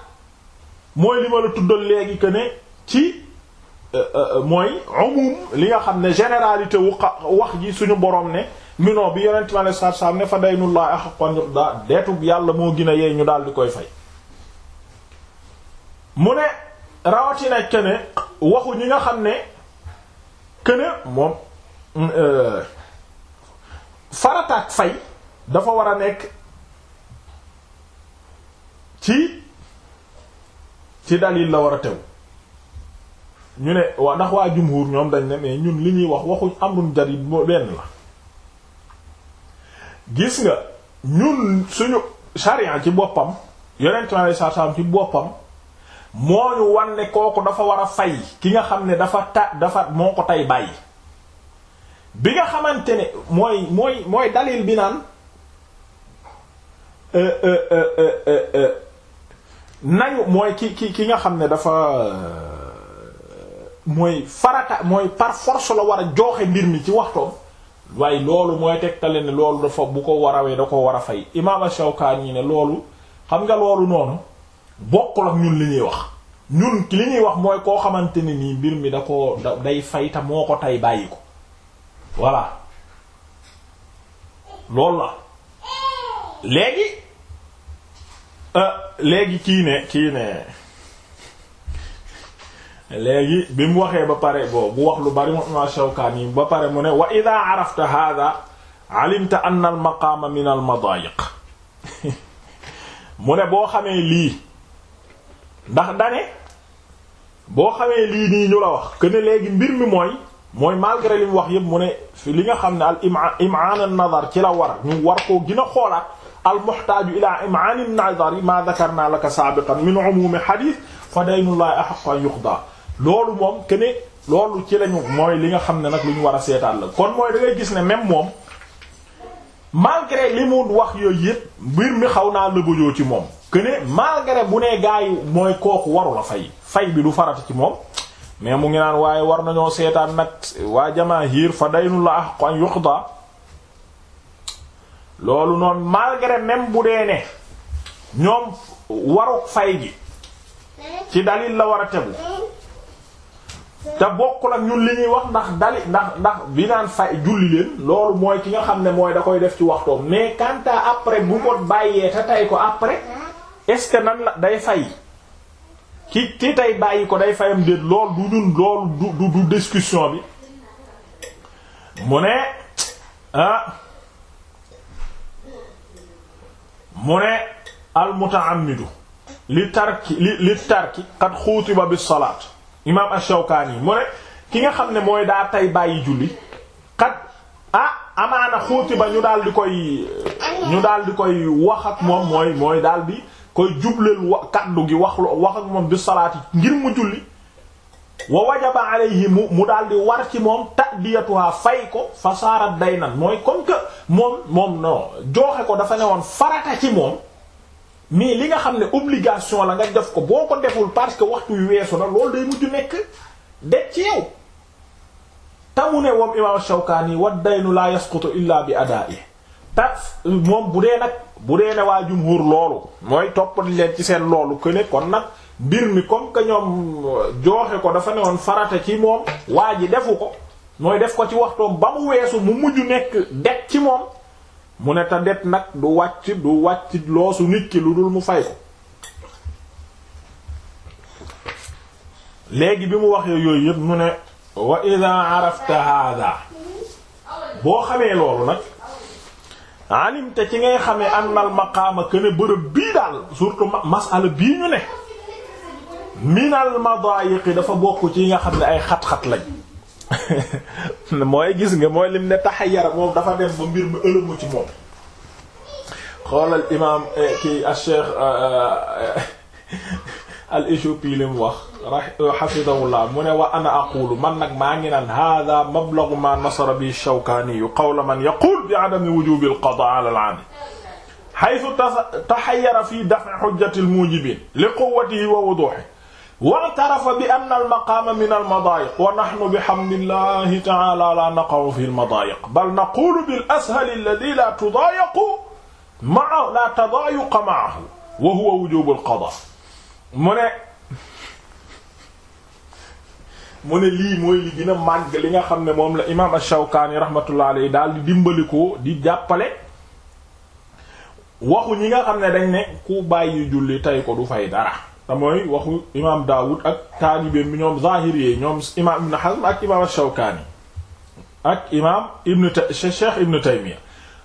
mooy li ma la tuddal léegi que ne ci euh, mooy umum li nga xam ne généralité wu wax ji suñu borom ne non bi yonent ma ne saab saab ne fa daynullah ahqan yuqda deetub yàlla moo gën a yeey ñu daal di koy fay mu ne rawatina kene waxu ñi nga xam ne këne moom euh, farataak fay dafa war a nekk ci ci dalil la war a tew ñu ne waa ndax waa jumhur ñoom dañ ne ñun li ñuy wax waxu amrun jarid benn la gis nga ñun suñu charia ci boppam yonentu Yàlla sallallahu alayhi wasallam ci boppam mooy ñu kooku dafa war a fay ki nga xam ne dafa ta dafa moo ko tay bàyyi bi nga xamante ne mooy mooy mooy dalil bi naan euh, euh, euh, nañu mooy ki ki ki nga xam ne dafa mooy farata mooy par force la war a jooxe mbir mi ci waxtoom waaye loolu mooy tegtale ne loolu dafa bu ko warawee da ko war a fay imaam Shawkaani ne loolu xam nga loolu noonu bokk ak ñun li ñuy wax ñun li ñuy wax mooy koo xamante ni nii mbir mi da ko day fay moo ko tay bàyyi ko voilà loolu la léegi euh, léegi kii ne kii ne léegi bi mu waxee ba pare boo bu wax lu bari ma Shawkaani ba pare mu ne wa idaa arafta haadaa alimta anna al maqaama min al madaayiq mu ne boo xamee lii ndax dane boo xamee lii nii ñu la wax que ne léegi mbir mi mooy mooy malgré li mu wax yépp mu ne fi li nga xam ne al ima imaan an nazar ci la war ñu war koo gën a xoolaat al muhtaaju ila imaan an nazar ma dakarna laka saabiqan min umumi hadith fa daynullahi ahqqu an yuqda loolu moom que loolu ci lañu mooy li nga xam ne nag lu ñu war a seetaan la kon mooy da gis ne même moom malgré li mu wax yooyu yëpp mbir mi xaw naa lëbëjoo ci moom que ne bu ne gars yi mooy kooku waru la fay fay bi du farata ci moom mais mu ngi naan waaye war nañoo seetaan nag waa jamaahir fa daynu la ahqu an yuqda loolu noonu malgré même bu dee ne ñoom waru fay gi ci dalil la war a tegu te bokkul ak ñun li ñuy wax ndax dali ndax ndax bi naan fay julli leen loolu mooy ki nga xam ne mooy da koy def ci waxtoom mais quant après bu ko bàyyee te tey ko après est-ce que nan la day fay ki ki tey bàyyi ko day fayam déet loolu du ñun loolu du du discussion bi mu ne ah mu ne al li tarki li li tarki qad xutiba bis salaat imaam ash-Shawkaani mu ne ki nga xam ne mooy daa tay bàyyi julli xat ah amaana xuuti ba ñu daal di koy ñu daal koy wax ak moom mooy mooy daal di koy jubleel kaddu gi wax wax ak moom bi salaati ngir mu julli wa wajaba alayhi mu mu daal di war ci moom ta'diyatuha fay ko day daynan mooy comme que moom moom non jooxe ko dafa ne woon farata ci moom mais li nga xam ne obligation la nga def ko boo ko deful parce que waxtu yu weesu na loolu day mujj nekk de ci yow tamu ne moom imam Shawkaani wa daynu la yasqutu illa bi adaa'i ta moom bu dee nag bu dee ne waa jumhur loolu mooy toppal leen ci seen loolu que ne kon nag mbir mi comme que ñoom euh, jooxe ko dafa ne woon farata ci moom waa ji defu ko mooy def ko ci waxtoom ba mu weesu mu mujj nekk det ci moom mu ne te nag du wàcc du wàcc loosu nit ki lu dul mu fay ko léegi bi mu waxee yooyu yëpp mu ne wa ida arafta boo xamee loolu nag alimte ci ngay xamee annal maqaama que ne bërëb bii daal surtout masala bii ñu ne minal madayiqi dafa bokk ci nga xam ne ay xat-xat lañ mooy gis nga mooy lim ne taxayara moom dafa dem ba mbir mi ëlëmu ci moom xoolal imaam eh, kii al ah, cheikh ah, ah, al éthiopie lim wax xafidahullah mu ne wa ana aqulu man nag maa ngi naan hada mablagu ma nasara bi shawkaani yu qawla man yaquul bi adami wujubi al qadaa ala al aadi xaytu taxayara fi dafi xujjati al muujibin li quwwatihi wa wuduuhi wa'tarafa bi anna al-maqaama min al-madaayiq wa nahnu bihamdillaahi ta'aalaa laa naqa'u fi al-madaayiq bal naquulu ashal alladhii laa tudaayaqu ma'ahu laa tadaayuqa wa huwa wujuubu al mu ne lii mooy li gën a màgg li nga xam ne moom la imaam ash-Shawkaani rahmatullahi alayhi daal di dimbali ko di jàppale waxu ñi nga xam ne dañ ku bàyyi julli tey ko du fay dara. te mooy waxu imaam Daawud ak taalibeem bi ñoom Zahiri ñoom imaam Ibn Hazm ak imaam Shawkaani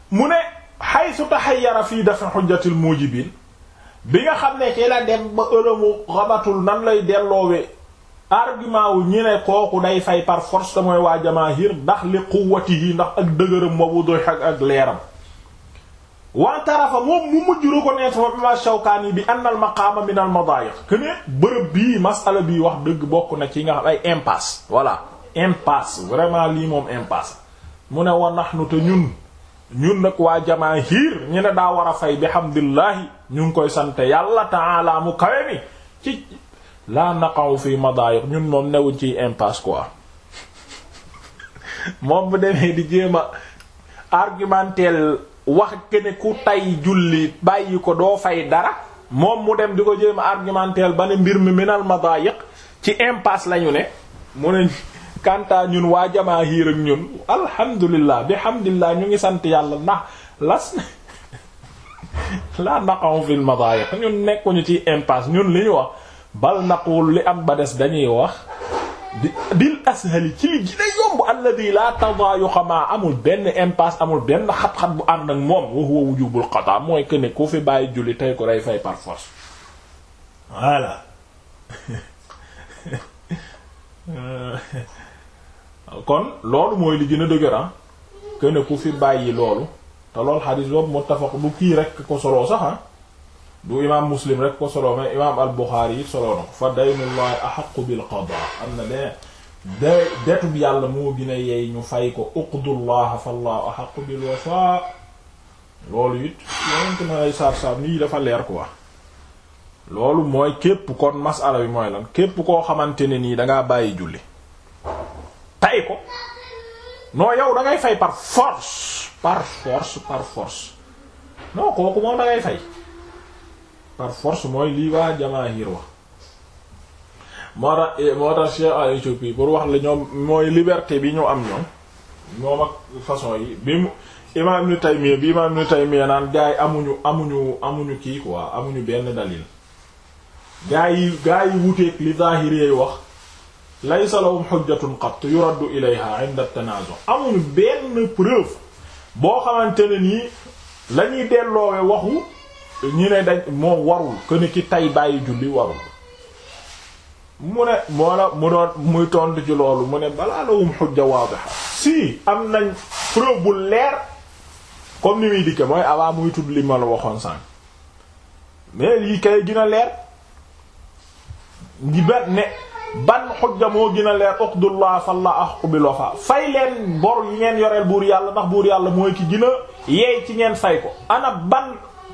mu ne haythu tahayyara fii dafi hujjatil mujibin bi nga xam ne ci la dem ba ëlëmu xamatul nan lay delloowe argument wu ñi ne kooku day fay par force te waa jamaahir ndax li quwwatihi ndax ak dëgëram boobu doy ak ak leeram wa tarafa moom mu mujj reconnaître fa bi ma Shawkaani bi anna al maqaama min al madaayiq bërëb bii masala bii wax dëgg bokk na ci nga xam ay impasse voilà impasse vraiment lii moom impasse mu ne wa nahnu te ñun ñun nag waa jamaahiir ñu ne daa war a fay bi hamdulillahi ñu ngi koy sante yàlla ta'ala mu kawe mi ci la naqaw fi madaayiq ñun moom newuñ ci impasse quoi moom bu demee di jéem a wax ke ne ku tay julli bàyyi ko doo fay dara moom mu dem di ko jéem argumenter ba ne mbir mi minal madayiq ci impasse lañu ne mu ne kantaa ñun waa jamaahiir ak ñun alhamdulillah bihamdillah ñu ngi sant yàlla ndax las la naqaw fil madayiq ñun nekkuñu ci impasse ñun li ñu wax bal naqul li am ba des dañuy wax bil ashali ci li gën a yomb alladi la tadayuqa ma amul benn impasse amul benn xat-xat bu ànd ak moom wa wujubul qada mooy que ne ku fi bàyyi julli tey ko day fay par force kon loolu mooy li gën a dëgëran ah. que ne fi bàyyi loolu te loolu xadis boobu muttafaq du kii rek ko soloo sax ah. du imaam muslim rek ko solo mais imaam al buxaari it solo na ko fa daynullahi ahaqqu bil qada am na ne de detub yàlla moo gën a yey ñu fay ko uqdullaha fallahu ahaqqu bil wafa loolu it yonente na lay saab-saab nii dafa leer quoi loolu mooy képp kon masala bi mooy lan képp koo xamante ne nii dangaa bàyyi julli tay ko non yow dangay ngay par force par force par force non kooku moom da ngay par force mooy lii jamaahir wax moo tax a eh, tax Cheikh al Éthiopie pour wax la mooy liberté bi ñu am ñoom moom ak façon yi bi mu imaam Ibn Taymiyya bi imaam Ibn Taymiyya naan gars amuñu amuñu amuñu kii quoi amuñu benn dalil gaa yi gaa yi wuteeg li zaahiri wax laysa lahum hujjatun qatt yuraddu ilayha 'inda at amuñu benn preuve boo xamante ne nii la delloowe waxu ñi ne dañ moo warul que ni ki tay bàyyi julli warul mu ne moo la mu doon muy tontu ci loolu mu ne balaa lawum xujja waadiha si am nañ preuve bu leer comme ni muy dikke mooy avant muy tudd li ma la waxoon sànq mais lii kay gën leer di ba ne ban xujja moo gën a leer uqdullah falla aqu bi lofa fay leen bor yi ngeen yoreel buur yàlla ndax buur yàlla mooy ki gën a yeey ci ngeen fay ko ana ban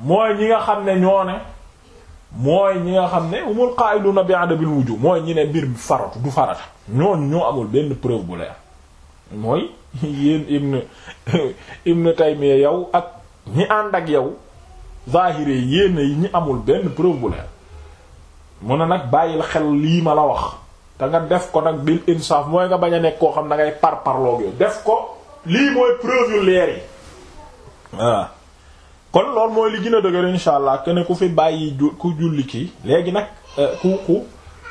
mooy ñi nga xam ne ñoo ne mooy ñi nga xam ne umul na bi adabil wujuub mooy ñi ne mbir bi faratu du farata ñoon ñoo amul benn preuve bu leer mooy yéen ibn ibn Taymiyya yow ak ñi ànd ak yow zahiri yéen yi ñi amul benn preuve bu leer mun na nag bàyyil xel lii ma la wax te nga def ko nag bil insaaf mooy nga bañ a nekk koo xam da ngay par parloog bi def ko lii mooy preuve yu leer yi waaw kon loolu mooy li gën a dëgër insha allah que ne ku fi bàyyi ju ku julli kii léegi nag euh, ku ku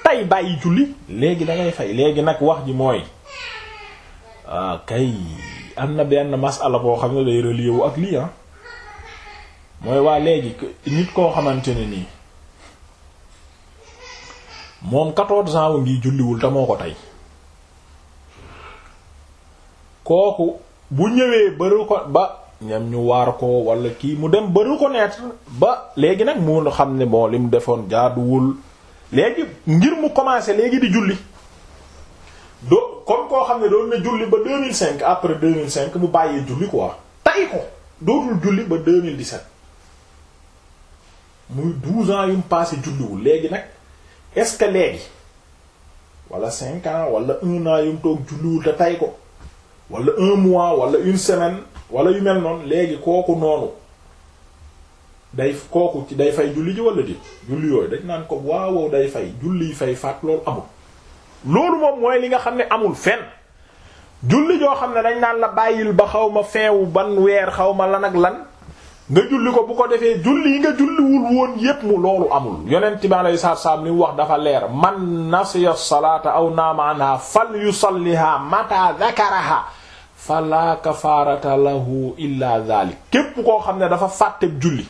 tay bàyyi julli léegi dangay ngay fay léegi nag wax ji mooy ah, kay am na benn masala boo xam ne day relier wu ak lii ah. mooy waa léegi nit koo xamante ne nii moom quatorze ans wu ngi julliwul te moo ko tey kooku bu ñëwee ba ba. ñam ñu waar ko wala kii mu dem ba reconnaître ba léegi nag mu xam ne bon li mu defoon jaaduwul léegi ngir mu commencer léegi di julli doo kon koo xam ne doon na julli ba 2005 après 2005 mu bàyyee julli quoi tay ko dootul julli ba 2017 muy 12 ans yu mu passé julliwul léegi nag est-ce que léegi wala 5 ans wala 1 an yu mu toog julliwul te tay ko wala un mois wala une semaine wala yu mel noonu léegi kooku noonu day kooku ci day fay julli ji wala di julli yooyu dañ naan ko waawow day fay julli fay faat loolu amul loolu moom mooy li nga xam ne amul fen julli yoo xam ne dañ naan la bàyyil ba xaw ma feewu ban weer xaw ma lan ak lan nga julli ko bu ko defee julli yi nga julliwul woon yépp mu loolu amul yonent bi alayhi salaatu salaam li wax dafa leer man nasiya salaata aw naama anha fal yusalliha mata dhakaraha fa laa kafaarata lahu illa dhalik képp koo xam ne dafa fàtte julli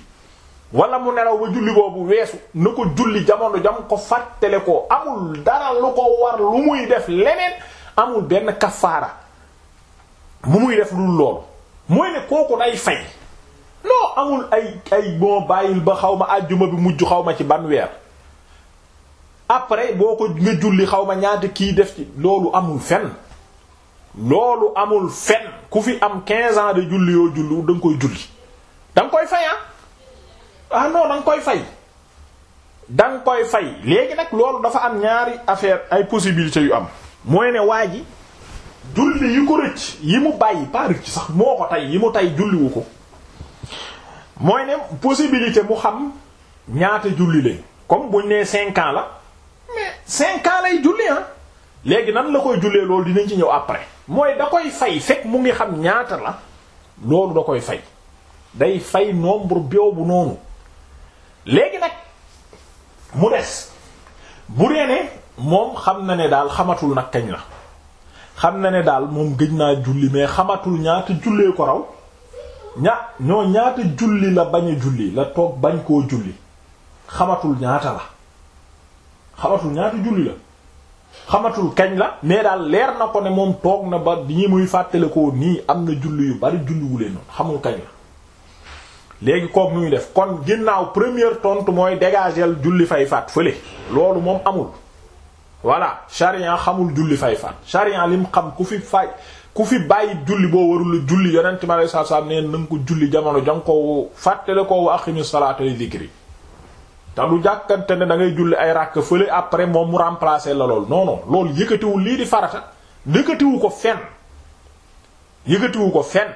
wala mu nelaw ba julli boobu weesu na ko julli jamono jam ko fàttale ko amul dara lu ko war lu muy def leneen amul benn kafaara mu muy def lu loolu mooy ne kooku day fay non amul ay ay bon bàyyil ba xaw ma àjjuma bi mujj xaw ma ci ban weer après boo ko nga julli xaw ma ñaata kii def ci loolu amul fenn loolu amul fen ku fi am 15 ans de julli yoo julli da nga koy julli da koy fay ah ah non koy fay da koy fay léegi nag loolu dafa am ñaari affaire ay possibilité yu am mooy ne waa ji julli yi ko rëcc yi mu bàyyi pas rëcc sax moo ko tey yi mu tey julliwu ko mooy ne possibilité mu xam ñaata julli lañ comme buñ nee cinq la mais cinq lay julli ah léegi nan la koy jullee loolu dinañ ci ñëw après mooy da koy fay fekk mu ngi xam ñaata la loolu da koy fay day fay nombre boobu noonu léegi nag mu des bu dee moom xam na ne daal xamatul nag kañ la xam na ne daal moom gëj naa julli mais xamatul ñaata jullee ko raw ña ñoo ñaata julli la bañ a julli la toog bañ koo julli xamatul ñaata la xamatul ñaata julli la xamatul kañ la mais daal leer na ko ne moom toog na ba bi muy fàttalikoo nii am na julli yu bari julliwuleen noonu xamul kañ la léegi kook muy def kon ginnaaw première tontu mooy dégagel julli fay faat fële loolu moom amul voilà charian xamul julli fay faat li mu xam ku fi fay ku fi bàyyi julli boo warul julli yonent mi alei satu salaam neen ko julli jamono jang ko fàttale ko wa aqimi salata li te jàkkante ne da ngay julli ay ràkk fële après moom mu remplacer la lool noonu non loolu yëkkatiwul lii di farata yëkkatiwu ko fen yëkkatiwu ko fen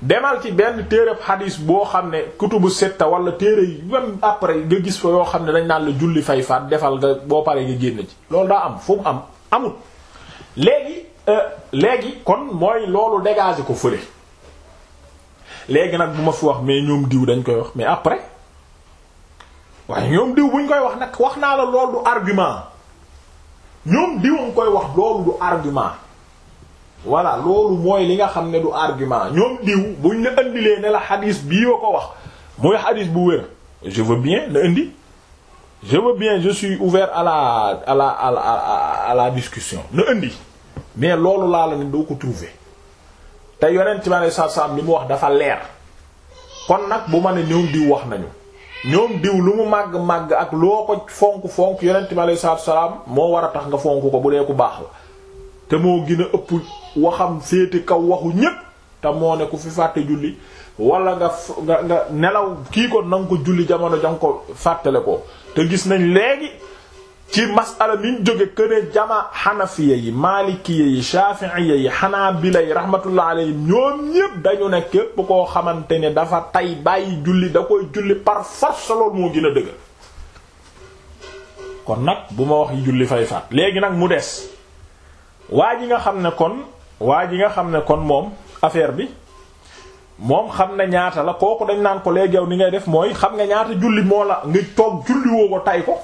demal ci benn téereb xadis boo xam ne kutubu sitta wala téere yi même après nga gis fa yoo xam ne dañ naan la julli fay faat defal nga boo paree nga génn ci loolu daa am fu mu am amut léegi euh, léegi kon mooy loolu dégager ko fële léegi nag bu ma fi wax mais ñoom diw dañ koy wax mais après waaye ñoom diw buñ koy wax nag wax naa la loolu du argument ñoom diwam koy wax loolu argument voilà loolu mooy li nga xam ne du argument ñoom diw buñ la indilee ne la xadis bii wa ko wax mooy xadis bu wér je veux bien na indi je veux bien je suis ouvert à la à la à la discussion na mais loolu laa la ne doo ko trouver te yonent bi alei satu salaam li mu wax dafa leer kon nag bu ma ne ñoom diw wax nañu ñoom diw lu mu màgg màgg ak loo ko fonk fonk yeneen bi alayhi salaatu salaam moo war a tax nga fonk ko bu dee ku baax la te moo gin a ëpp waxam féete kaw waxu ñépp te moo ne ku fi fàtte julli walla nga nga nga nelaw kii ko na ko julli jamono ja ko fàttale ko te gis nañ léegi. ci masala mi ñu jóge këne jama xanafiya yi maalikiya yi shafi'iya yi xanaabila yi rahmatullah alayhim ñoom ñépp dañu ne képp koo xamante ne dafa tay bàyyi julli da koy julli par force loolu moo gën a dëgg kon nag bu ma wax julli fay faat léegi nag mu des waa ji nga xam ne kon waa ji nga xam ne kon moom affaire bi moom xam ne ñaata la kooku dañ naan ko léegi yow ni ngay def mooy xam nga ñaata julli moo la nga toog julli woo ko tay ko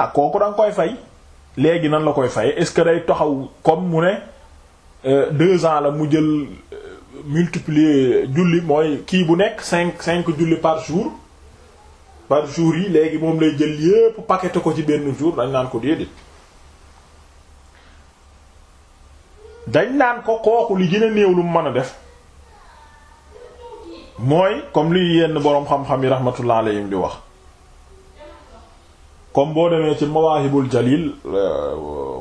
ah kooku da koy fay léegi nan la koy fay est-ce que day taxaw comme mu ne euh, deux ans la mu jël euh, multiplier julli mooy kii bu nekk cinq cinq julli par jour par jour yi léegi moom lay jël yépp paqueté ko ci benn jour dañ naan ko déedéet dañ naan ko kooku li gën a néew lu mu mën a def mooy comme li yenn boroom xam-xam yi rahmatullah alayhim di wax comme boo demee ci mawaahibul jalil euh,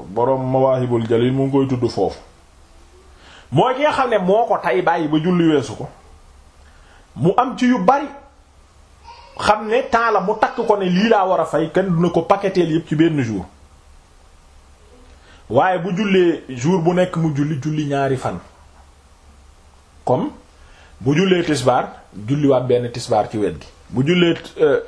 boroom mawaahibul jalil mu ngi koy tudd foofu mooy ki nga xam ne moo ko tay bàyyi ba julli weesu ko mu am ci yu bari xam ne temps la mu takk ko ne lii laa war a fay kenn duna ko paqueteel yépp ci benn jour waaye bu jullee jour bu nekk mu julli julli ñaari fan comme bu jullee tisbaar julliwaat benn tisbaar ci wet gi bu jullee euh,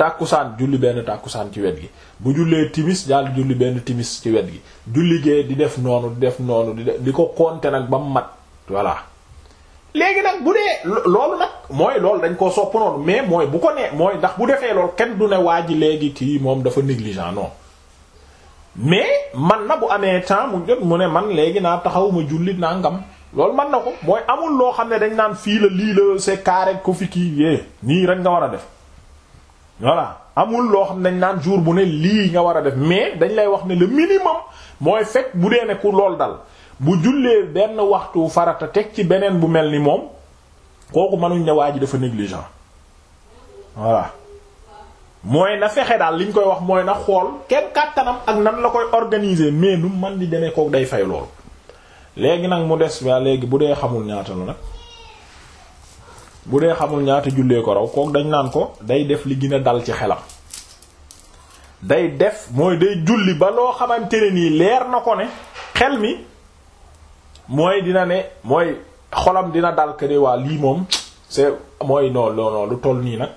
tàkkusaan julli benn tàkkusaan ci wet gi bu jullee timis daal julli benn timis ci wet gi julli gee di def noonu di def noonu di di ko compter nag ba mu mat voilà léegi nag bu dee loolu nag mooy loolu dañ koo sopp noonu mais mooy bu ko mooy ndax bu defee loolu kenn du ne waa ji léegi kii moom dafa négligent non mais man na bu amee temps mu jot mu ne man léegi naa taxaw ma julli naa ngam loolu mën na ko mooy amul loo xam ne dañ naan fii la lii la c'est carré ku fi kii yée nii rek nga war a def voilà amul loo xam ne dañ naan jour bu ne lii nga war a def mais dañ lay wax ne le minimum mooy fekk bu dee ne ku lool dal bu jullee benn waxtu farata teg ci beneen bu mel ni moom kooku mënuñ ne waa ji dafa négligent voilà mooy na fexe daal liñ koy wax mooy na xool kenn kàttanam ak nan la koy organiser mais nu man di demee kooku day fay lool léegi nag mu des ba léegi bu dee xamul ñaata la nag. bu dee xamul ñaata jullee ko raw kook dañ naan ko day def li gën a dal ci xelam day def mooy day julli ba loo xamante ne nii leer na ko ne xel mi mooy dina ne mooy xolam dina dal que ne waa lii moom c'est mooy non lu toll nii nag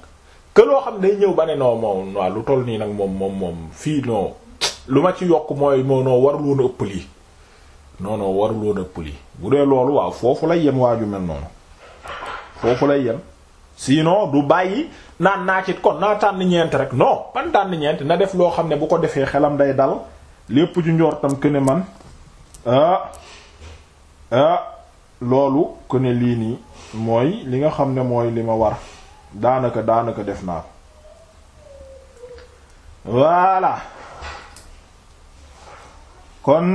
que loo xam day ñëw ba ne non moom waaw lu toll nii nag moom moom moom fii non lu ma ci yokk mooy moo noo warul woon a ëpp lii non warul woon ëpp lii bu dee loolu waaw foofu lay yem waaju mel noonu. foofu lay yem sinon du bàyyi naan naa ci kon naa tànn ñeent rek non ban tànn ñeent na def loo xam ne bu ko defee xelam day dal lépp ju njortam tam ne man ah, ah, loolu que lii nii mooy li nga xam ne mooy li ma war daanaka daanaka def naa ko voilà kon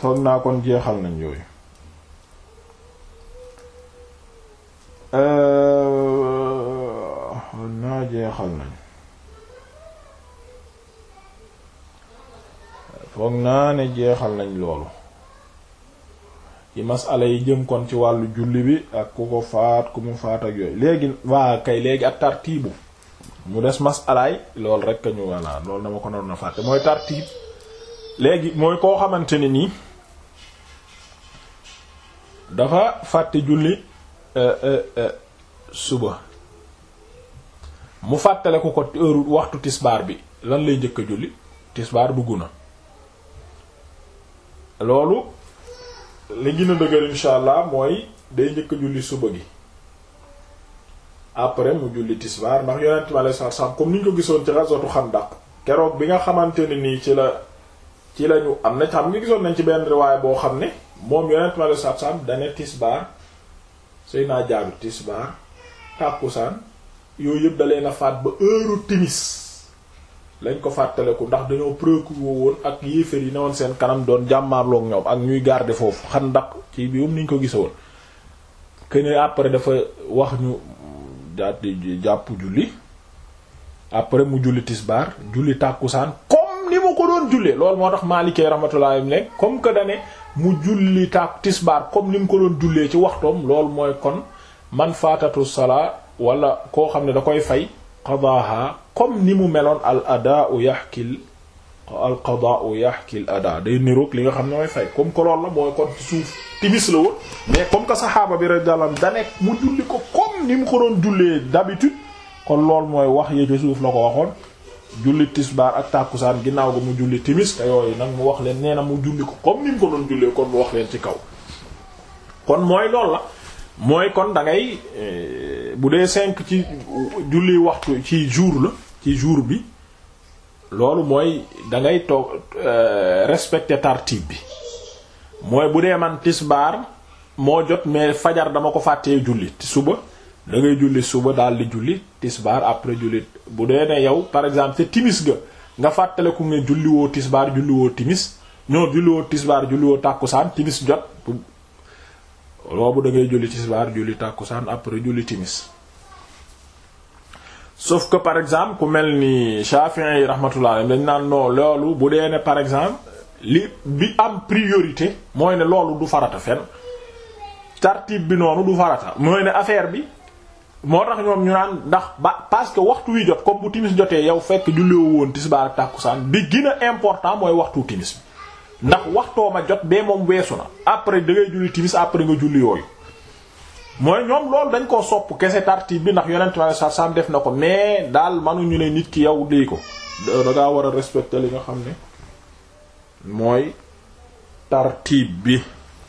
foog naa kon jeexal nañ yooyu. Euh, naa jeexal nañ foog naa ne jeexal nañ loolu ci masala yi jëm kon ci wàllu julli bi ak ku ko faat ku mu faat ak yooyu léegi waa kay léegi ak tartiibu mu des masalaay loolu rek ñu walla loolu dama ko naroon na fàtte mooy tartiib léegi mooy koo xamante ne nii dafa fàtte julli Euh, euh, euh, suba mu fàttale ko ko waxtu tisbaar bi lan lay jëkk a julli tisbaar dugg na loolu li gën a dëgër insha allah mooy day njëkk a julli suba gi après mu julli tisbaar ndax yonent mi alayhi salaatu salaam comme ni ko gisoon ci xam Xandaq keroog bi nga xamante ne nii ci la ci lañu am na xam nga gisoon nañ ci benn riwaay boo xam ne moom yonent mi alayhi salaatu salaam dane tisbaar Seydina Jaabir tisbaar tàkkusaan yooyu yëpp dalee na faat ba heure timis lañ ko fàttaleku ndax dañoo préoccupé woon ak yéeféer yi ne woon seen kanam doon jàmmaarloog ñoom ak ñuy garder foofu xandaq ci biirum niñ ko gisoon kene après dafa wax ñu daati jàpp julli après mu julli tisbaar julli tàkkusaan comme ni mu ko doon jullee lool moo tax maalikee rahmatullahi nekk comme que dane mu julli taak tisbaar comme ni mu ko doon jullee ci waxtoom loolu mooy kon man faatatu salaa wala koo xam ne da koy fay qadaaha comme ni mu meloon al adaau yaxkil al qadaau yaxkil ada day niroog li nga xam ne mooy fay comme que loolu la mooy kon ci suuf timis la woon mais comme que saxaaba bi rek anhu da nekk mu julli ko comme ni mu ko doon jullee d'habitude kon loolu mooy wax ye ci suuf la ko waxoon julli tisbaar ak tàkkusaan ginnaaw ga mu julli timis te yooyu nag mu wax leen nee na mu julli ko comme ni mu ko doon jullee kon mu wax leen ci kaw kon mooy lool la mooy kon dangay ngay eh, bu dee cinq ci julli waxtu ci jour la ci jour bi loolu mooy da ngay toog eh, respecter tartib bi mooy bu dee man tisbaar moo jot mais fajar dama ko fàttee julli suba da ngay julli suba daal di julli tisbaar après julli bu dee ne yow par exemple te timis ga nga fàttaleku nga julliwoo tisbaar julliwoo timis ñoo julliwoo tisbaar julliwoo tàkkusaan timis jot loobu da ngay julli tisbaar julli tàkkusaan après julli timis sauf que par exemple ku mel ni Shafi'i yi rahmatullah dañ naan non loolu bu dee ne par exemple li bi am priorité mooy ne loolu du farata fenn tartib bi noonu du farata mooy ne affaire bi moo tax ñoom ñu naan ndax ba parce que waxtu wi jot comme bu timis jotee yow fekk julliwoo woon tisbaar ak tàkkusaan bi gën a important mooy waxtu timis ndax waxtoo ma jot bee moom weesu na après da ngay julli timis après nga julli yooyu mooy ñoom loolu dañ koo sopp kese tartib bi ndax yonent ma sa sam def na ko mais daal mënuñu ne nit ki yow dee ko da war a respecter li nga xam ne mooy tartib bi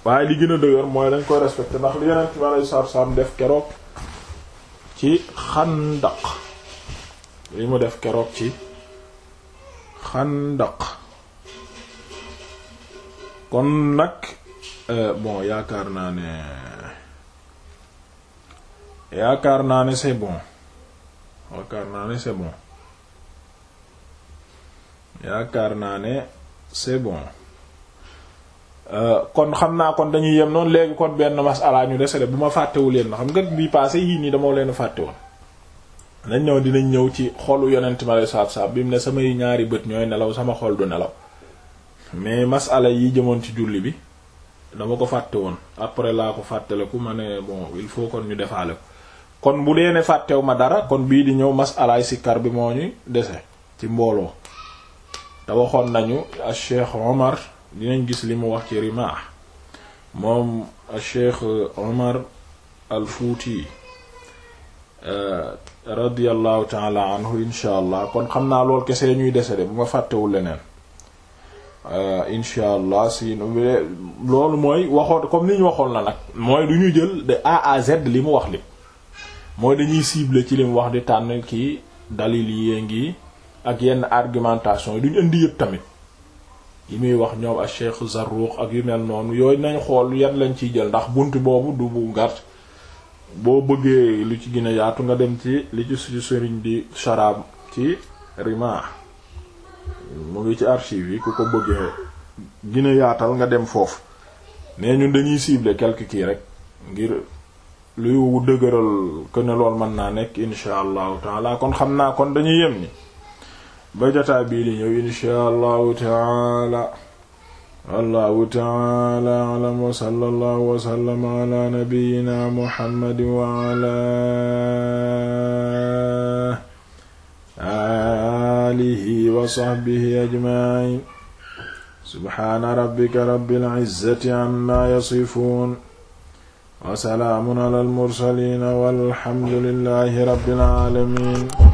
waaye li gën a dëgër mooy dañ koy respecter ndax li yonent ma sa sam def keroog ci xandaq li mu def keroog ci xandaq kon nag euh, bon yaakaar naa ne yaakaar naa ne c'est bon yaakaar naa ne c'est bon yaakaar naa ne c'est bon Euh, kon xam naa kon dañuy yem noonu léegi kon benn masala ñu dese de bu ma fàttewul yéen xam nga bii passé yii nii dama leen fàtte woon ñëw dinañ ñëw ci xolu yonent ma lay saab bi mu ne samay ñaari bët ñooy nelaw sama xol du nelaw mais masala yi jëmoon ci julli bi dama ko fàtte woon après laa ko fàttaleku ma ne bon il faut kon ñu defaale ko kon bu dee ne fàttew ma dara kon bii di ñëw masalaay sikkar bi moo ñuy dese ci mbooloo te waxoon nañu Cheikh Omar dinañ gis li mu wax ci rimaah moom cheikh Omar al Fuuti euh, radiyallahu taala anhu insha kon xam naa lool kese ñuy dese de bu ma fàttewul leneen euh, insha allah loolu mooy waxoon comme ni ñu waxoon la nag mooy du ñu jël de A li mu wax li mooy dañuy cibler ci li mu wax di tànn kii dalil yi ngi ak yenn argumentation yi duñ indi yëpp tamit. yi muy wax ñoom ak Cheikh Zarruq ak yu mel noonu yooyu nañ xool yan lañ ciy jël ndax bunt boobu du bu boo bëggee lu ci gën yaatu nga dem ci li ci suñu sëriñ di Sharaab ci Rima mu ngi ci archive yi ku ko bëggee gineyaatal nga dem foofu mais ñu dañuy cibler quelque kii rek ngir luy dëgëral que ne mën naa nekk insha allahu taala kon xam naa kon dañuy yem ni ba jotaa bii di ñëw inshaa allahu taala allahu taala alam wa sallallahu wa sallama ala nabiyyina muhammadin wa ala alihi wa sahbihi ajma'in subhaana rabbika rabbil izzati amma yasifun wa salaamun ala al mursalin walhamdulillahi rabbil alamin